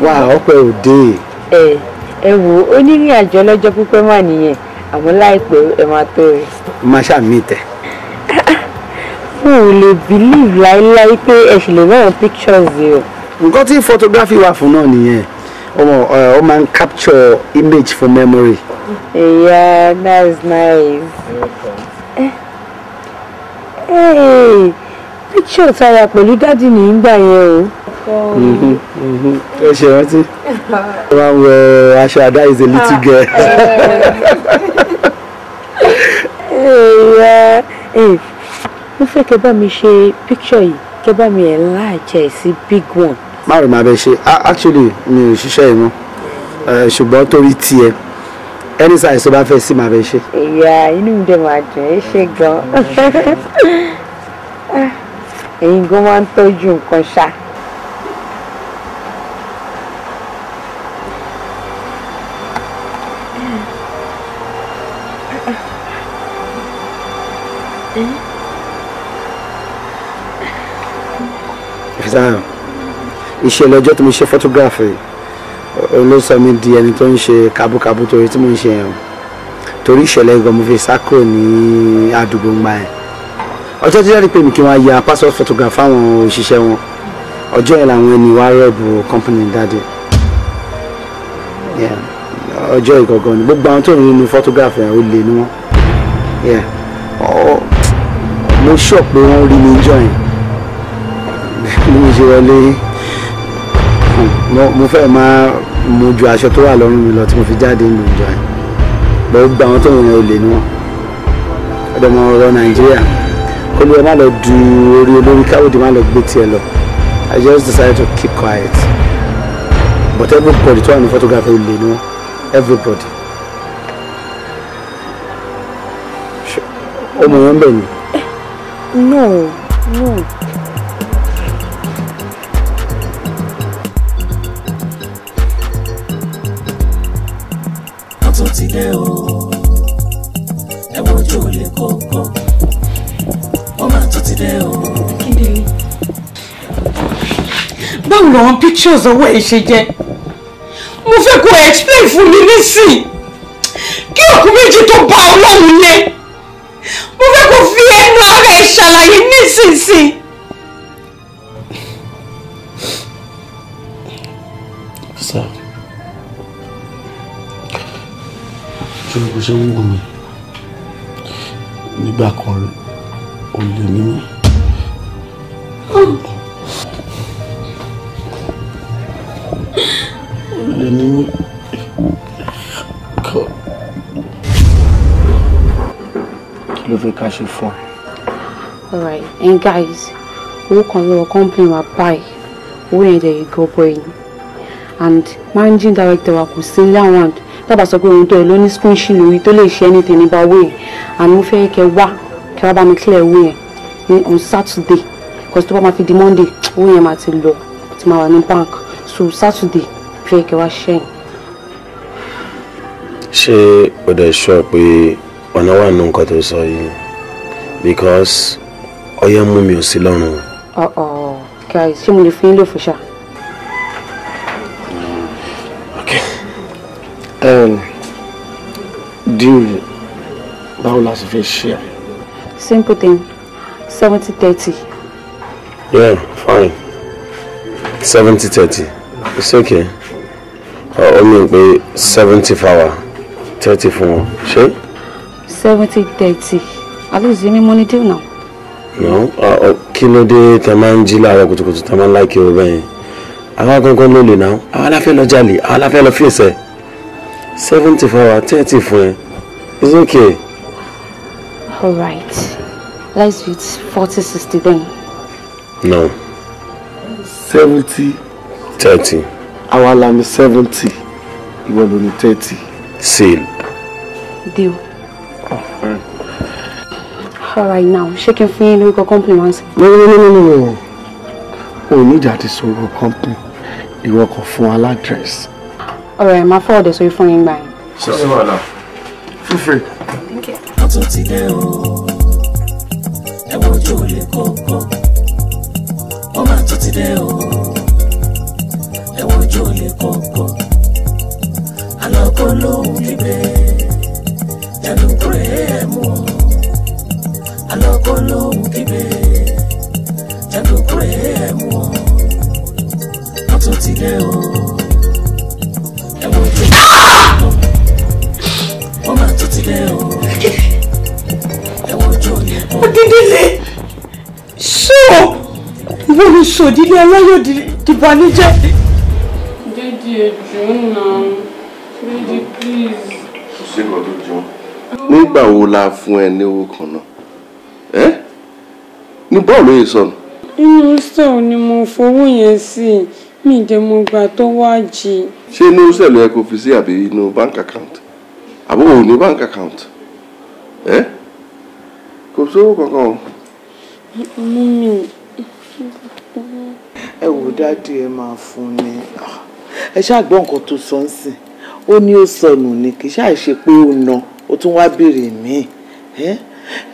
wà á ọpẹ òde. ẹ ẹ wo onírìn àjò ọlọ́jọ́ pípẹ́ wà nìyẹn àmọ́ láìpẹ́ ẹ máa tó rẹ̀. má ṣàmì tẹ. mo ò lè believe láéláé pé ẹ ṣì lè rán pictures yìí o. nǹkan tí photography wà fún náà nìyẹn ọmọ ọ máa ń capture image for memory. yeah that's nice. ẹ eh, ẹ picture tara pẹ̀lú dádì ní ìgbà yẹn o mhm, mhm. ẹ ṣe rántí wọn wọ aṣọ àdá is a little ah. girl [laughs] rẹ eh, ẹ mo fẹ́ kẹ́ bá mi ṣe picture yìí kẹ́ bá mi ẹ̀ láàjẹ́ sí big one. má rò máa bẹ ṣe actually mi ò ṣiṣẹ́ yìí mọ́ eh, ṣùgbọ́n torí tiẹ̀ any size tó bá fẹ́ sí máa bẹ ṣe. ìyá inú mi dẹ̀ máa dùn ẹ́ ṣe gan-an [laughs] eh, ẹ̀yin gan máa ń tọ́jú nǹkan ṣáà. ìṣẹ̀lẹ̀ ọjọ́ tí mo ṣe photography ló sọ mi di ẹni tó ń ṣe kábúkábú torí tí mo ń ṣe yẹn torí ìṣẹ̀lẹ̀ gan sákò ní àdúgbò ńgbà yẹn ọjọ́ tí jáde pé mi kí wọ́n ya passport photograph fáwọn òṣìṣẹ́ wọn ọjọ́ yẹn làwọn ẹni wá rẹ́bù company dáadé ọjọ́ ìgangan ni gbogbo àwọn tó ń nínú photograph yẹn ó lè ní wọn mo ṣọ̀ pé wọ́n rí mi jọ yẹn bí mo ṣe wọlé mo fẹ́ máa mu ju aṣọ tó wà lọ́rùn mi lọ tí mo fi jáde nínú ìjọ yẹn bẹ́ẹ̀ àwọn tó ń yan olè ni wọ́n ọ̀dọ̀ ọmọ ọ̀rọ̀ nàìjíríà kó ló má lọ du orí olórí káwọ́dì má lọ gbé tiẹ̀ lọ I just decided to keep quiet but everybody tó wà ní photography olè ni wọ́n everybody ọmọ yẹn ń bẹ̀ ni. no pictures ọwọ́ ẹ̀ ṣe jẹ́ mo fẹ́ kó explain fún mi nísìn kí òkú méjì tó bá ọlọ́run lé mo fẹ́ kó fi ẹnu ara ẹ̀ ṣàlàyé nísinsìn. sir ṣé o kò ṣe ń wù mí nígbà kan ò lè ní kí ló fẹ́ ká alright and guys owó can lọ́wọ́ company wa báyìí owó yẹn dẹ̀ yìí gọ́bọ̀ ẹ̀yìn and managing director wa kò sí ní àwọn dábàá sọ pé òun tó ẹ ló ní squinch lórí tó lè anything about owó and we feel like wá kẹ wá bá clear owó on saturday because tomorrow bá ma fi monday We yẹn máa ti lọ ti máa wà bank so saturday fẹ́ kẹ wá ṣẹ́yìn. ṣé o dẹ̀ sọ pé ọ̀nà wà nù nǹkan tó sọ yìí because ọyẹ́ mú mi ò sí lọ́rùn. ọ̀ọ́ guys ṣé mo lè fún yín lò ṣá. okay um, deal báwo la ṣe fẹ́ ṣe é. simple thing seventy thirty. yeah fine seventy thirty it's okay. ọ̀ọ́ mi pé seventy fáwa thirty fún wọn ṣé seventy thirty at least èmi mo ní deal now. Uh, uh, kí ló dé tá a máa ń jí láàárọ̀ kùtùkùtù tá a máa ń láìkí owó bẹ́ẹ̀ yẹn àwa gangan ló lè náà àwa la lọ jalè àwa la lọ fèsè seventy four hour thirty fún ẹ it's okay. All right. let's do forty sixty then. no seventy thirty. àwa la seventy ìwọ ló ní thirty. seal. deal all right now ṣé kí n fún yín lórúkọ company no no no no no o need that àti sọ̀rọ̀ company You kò fún wa ládírẹ́sì. ọ̀rọ̀ ẹ̀ máa fọ́ ọ̀dẹ̀ sórí fún yín gbà yín. ṣé ṣé wàhálà fífẹ́. a tún olóhùn kígbe jàǹdùkú rẹ̀ ẹ̀ mú wọn wọ́n tún ti dé o ẹ wo tó wọ́n máa tún ti dé o ẹ wo ojú òní ẹ̀kọ́. Odindile ṣó ìwọ ni ṣòdílé aláyọ̀ dìbànújẹ́. Dédì ẹ̀jọ̀ náà Dédì please. Kò sí ìrọ̀lú jọ. Nígbà wo la fún ẹ ní owó kan náà? báwo ló yẹ sọnù. inú sẹ́ẹ̀ ni mo fowó yẹn sí mi dé mo gbà tó wá jí. ṣé inú sẹ́ẹ̀ ló yẹ kó fi sí àbí inú bank account àbí òun ní bank account ẹ kò sówó kankan o. mú mi. ẹ wò dáàdi ẹ máa fún ni ẹ ṣáà gbọ́ nǹkan tó sọ ń sìn ó ní ó sọnù ni kì í ṣáà ṣe pé ó na ó tún wá béèrè míì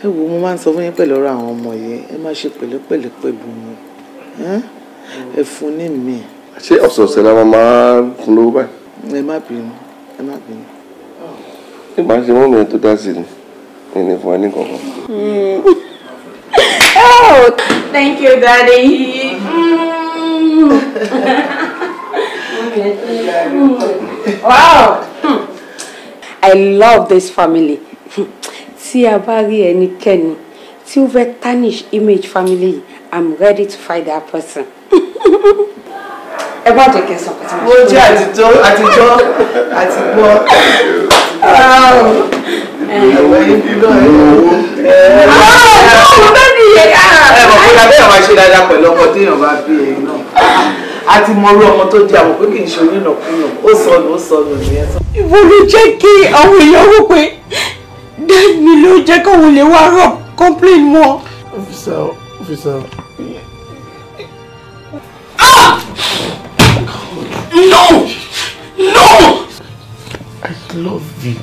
ẹ wo mo máa ń sọ fún yín pẹ̀lú ọ̀rọ̀ àwọn ọmọ yìí ẹ má ṣe pẹ̀lẹ́pẹ̀lẹ́ pẹ̀lú mi ẹ fún ní mi. ṣé ọ̀sọ̀ọ̀sẹ̀ la máa fún lówó báyìí. ẹ má bínú ẹ má bínú. nígbà tí wọ́n mìíràn tó dá sí ni ẹni fún ẹni kankan. Hmm. [laughs] oh thank you daddy. Hmm. [laughs] Hmm. wow. I love this family tí a bá rí ẹnikẹ́ni tí ó fẹ́ tarnish image family yìí i'm ready to fight that person. [laughs] ẹ bá jẹ kí n sọ pẹ̀tẹ́. mo jẹ́ àtijọ́ àtijọ́ àtìgbọ́. ìyàwó ìbílọ̀ ìyàwó. ọ̀hún bẹ́ẹ̀ ni ìyẹn. ẹ mọ̀ pé abẹ́yẹ̀ máa ṣe dáadáa ọmọ tó jẹ àwọn pé kì í ṣe onínàkúnyàn ó sọnù ó sọnù nìyẹn. ìwọ jẹ́ kí àwọn èèyàn wò pé dẹ́ni ló jẹ́ káwọn lè wá rọ̀ complain officer, officer. Ah! no no. I love you.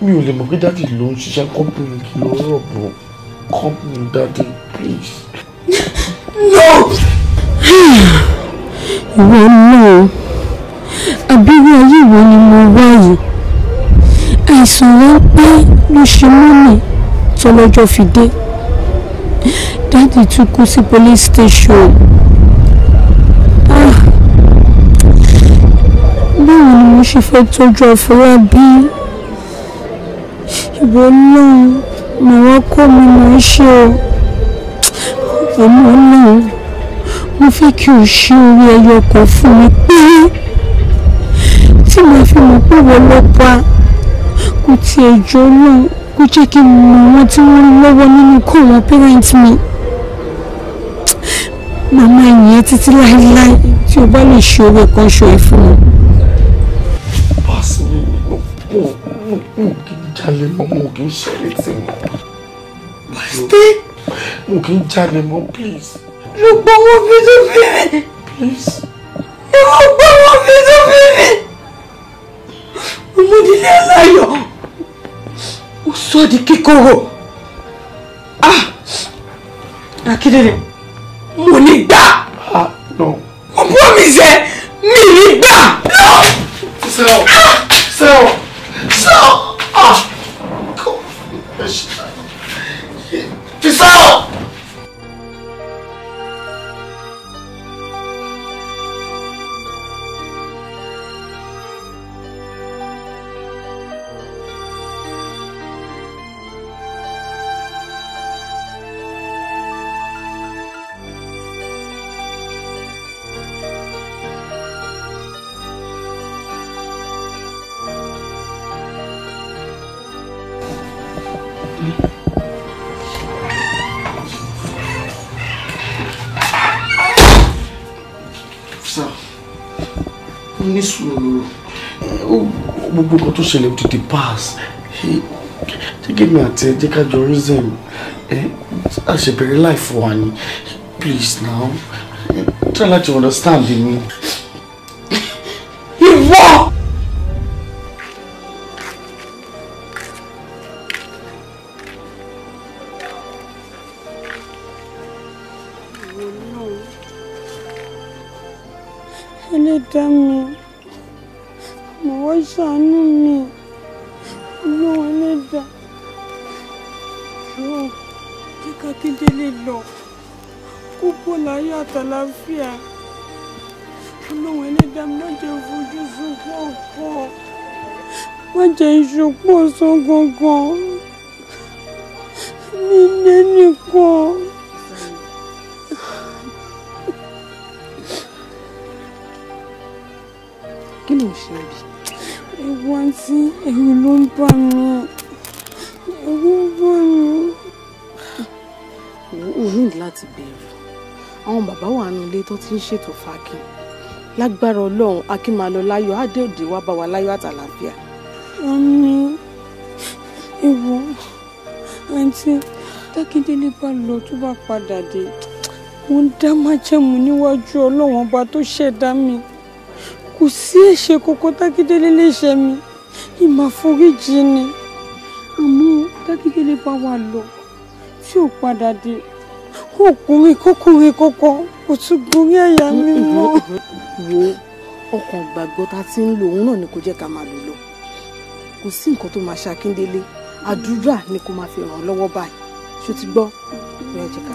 mi ò lè mọ̀ pé dáàdì ló ń ṣiṣẹ́ company kí ló rọ̀ bọ̀ company dáàdì please. no. ìwọ náà àbí ayé ìwọ ni mo wá yìí àìsàn ráńpẹ́ ló ṣe mọ́mì tọ́lọ́jọ́ fi dé dáàdì tún kú sí police station ah! báwo ni mo ṣe fẹ́ tọ́jú àfọlábí ìwọ náà mo wá kọ́ mi mò ń ṣe o ọmọ náà mo fẹ́ kí o ṣe orí ẹyọ kan fún mi pé tí mo fi mọ̀ pé wọ́n lọ́pàá kò tiẹ̀ jọ ọlọ́run kò jẹ́ kí n mọ wọn tí wọ́n ń nínú kó wọn parent mi màmá ìyẹn títí láéláé tí o bá lè ṣe owó kan ṣòro fún mi. báṣìlì mo kì í jalè mọ́ mo kì í ṣẹlẹ̀ sí mọ́. báṣìlì mo kì í jalè mọ́ please. gbogbo owó fi tó fi mi. please. gbogbo owó fi tó fi mi. ọmọdé ní aláyọ̀ sọ di kíkorò ah akíndélé mo ní gbà ah, mo promise mi ní gbà. sẹ́wọ̀n ah! sẹ́wọ̀n. ṣẹlẹ̀ to the past jẹ́ kí mi àti ẹ jẹ́ ká jọ reason ẹ àṣẹbẹ̀rẹ̀ life wa ni please now try to understand me. àjọpọ̀ sàn gangan nílé nìkan. kí ló ń ṣe bí. ewu àti ẹ̀rù ló ń bà mí ẹ̀rù ń bà mí. òun ní láti bẹ̀rù àwọn bàbá wa nù ilé tó ti ń ṣètò fàákì lágbára ọlọ́run akínmalọ láyọ̀ adéòde bá wa láyọ̀ àtàlàáfíà. àmín tí Tákindélé bá lọ tó bá padà dé mo ń dá májẹ̀mú níwájú Ọlọ́run ọba tó ṣẹ̀dá mi kò sí ẹ̀ṣẹ̀ kókó Tákindélé lè ṣẹ̀ mi ìmà ni àmọ́ Tákindélé bá wà lọ tí ò padà dé ọkùnrin kọkùnrin kọkọ kò tún gorí àyà mi mọ́. wo ọkàn gbàgbọ́ ta ti ń lo òun náà ni kò jẹ́ ká máa lò lọ kò sí nǹkan tó máa ṣe Akíndélé àdúrà ni kò máa fi ràn lọ́wọ́ báyìí ṣó ti gbọ́ ìyá jẹ́ ká.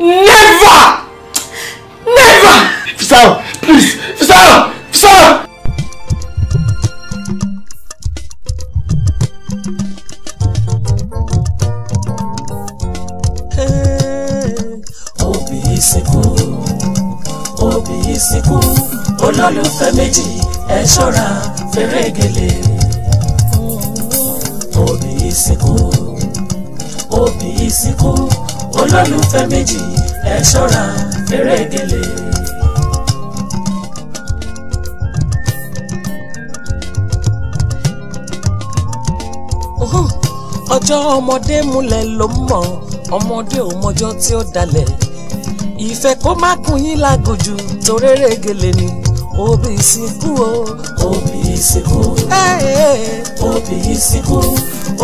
never never. Fisayo please Fisayo Fisayo. olólùfẹ́ méjì ẹ ṣọ́ra fèrè gèlè. ìbálòpọ̀ méjì ẹ ṣọ́ra fèrè gèlè. ọjọ́ ọmọdé múlẹ̀ ló mọ̀ ọmọdé ò mọjọ́ tí ó dalẹ̀ ìfẹ́ kó má kun yín lágòjù toréré gèlè ni òbí ìsìnkú o. òbí ìsìnkú òbí ìsìnkú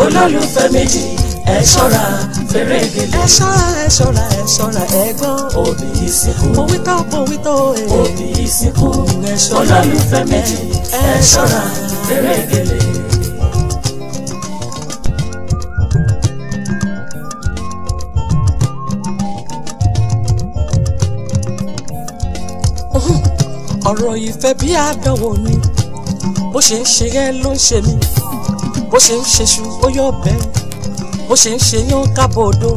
olólùfẹ́ méjì ẹ ṣọ́ra fẹ́rẹ̀ gèlè. ẹ ṣọ́ra ẹ ṣọ́ra ẹ ṣọ́ra ẹ̀gbọ́n. òbí ìsìnkú. òwì tó òwì tó èyí. Eh. òbí ìsìnkú. ẹ ṣọ́ra olólùfẹ́ méjì. ẹ ṣọ́ra fẹ́rẹ̀ gèlè. ọ̀rọ̀ ìfẹ́ bí àdánwò ni bó ṣe ń ṣe yẹ ló ń ṣe mí bó ṣe ń ṣe ṣu ó yọ bẹ́ẹ̀ bó ṣe ń ṣe yín kábọ̀ odò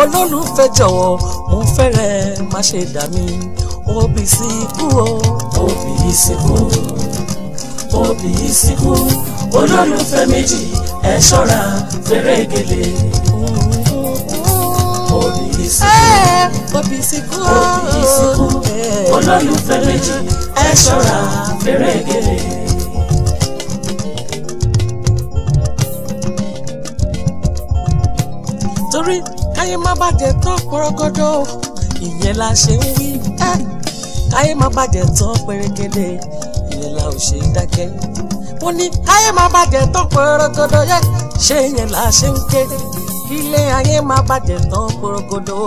olólùfẹ́ jọ̀wọ́ mo fẹ́rẹ̀ má ṣe dà mí òbí síkú o. òbí síkú òbí síkú olólùfẹ́ méjì ẹ ṣọ́ra fèrè gèlè. òbí síkú eh, òbí síkú eh. olólùfẹ́ méjì ẹ ṣọ́ra fèrè gèlè. bàjẹ́ tán pọ́rọ́gọ́dọ́ ìyẹn la ṣe ń wí káyé má bàjẹ́ tán pẹ̀rẹ́gẹ́dẹ́ ìyẹn la ò ṣe dákẹ́ mo ní káyé má bàjẹ́ tán pọ́rọ́gọ́dọ́ yẹ ṣé ìyẹn la ṣe ń ké ilé ayé má bàjẹ́ tán pọ́rọ́gọ́dọ́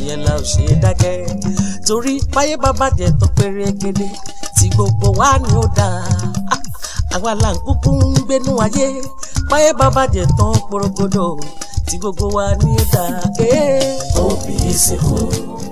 ìyẹn la ò ṣe dákẹ́ torí báyé bá bàjẹ́ tán pẹ̀rẹ́gẹ́dẹ́ tí gbogbo wa ni ó dáa ah, àwa là ń kúkú ń gbénú ayé báyé bá bàjẹ́ tán pọ́rọ́gọ́dọ́ tí gbogbo wa ní ó dáa. ìsìnkú.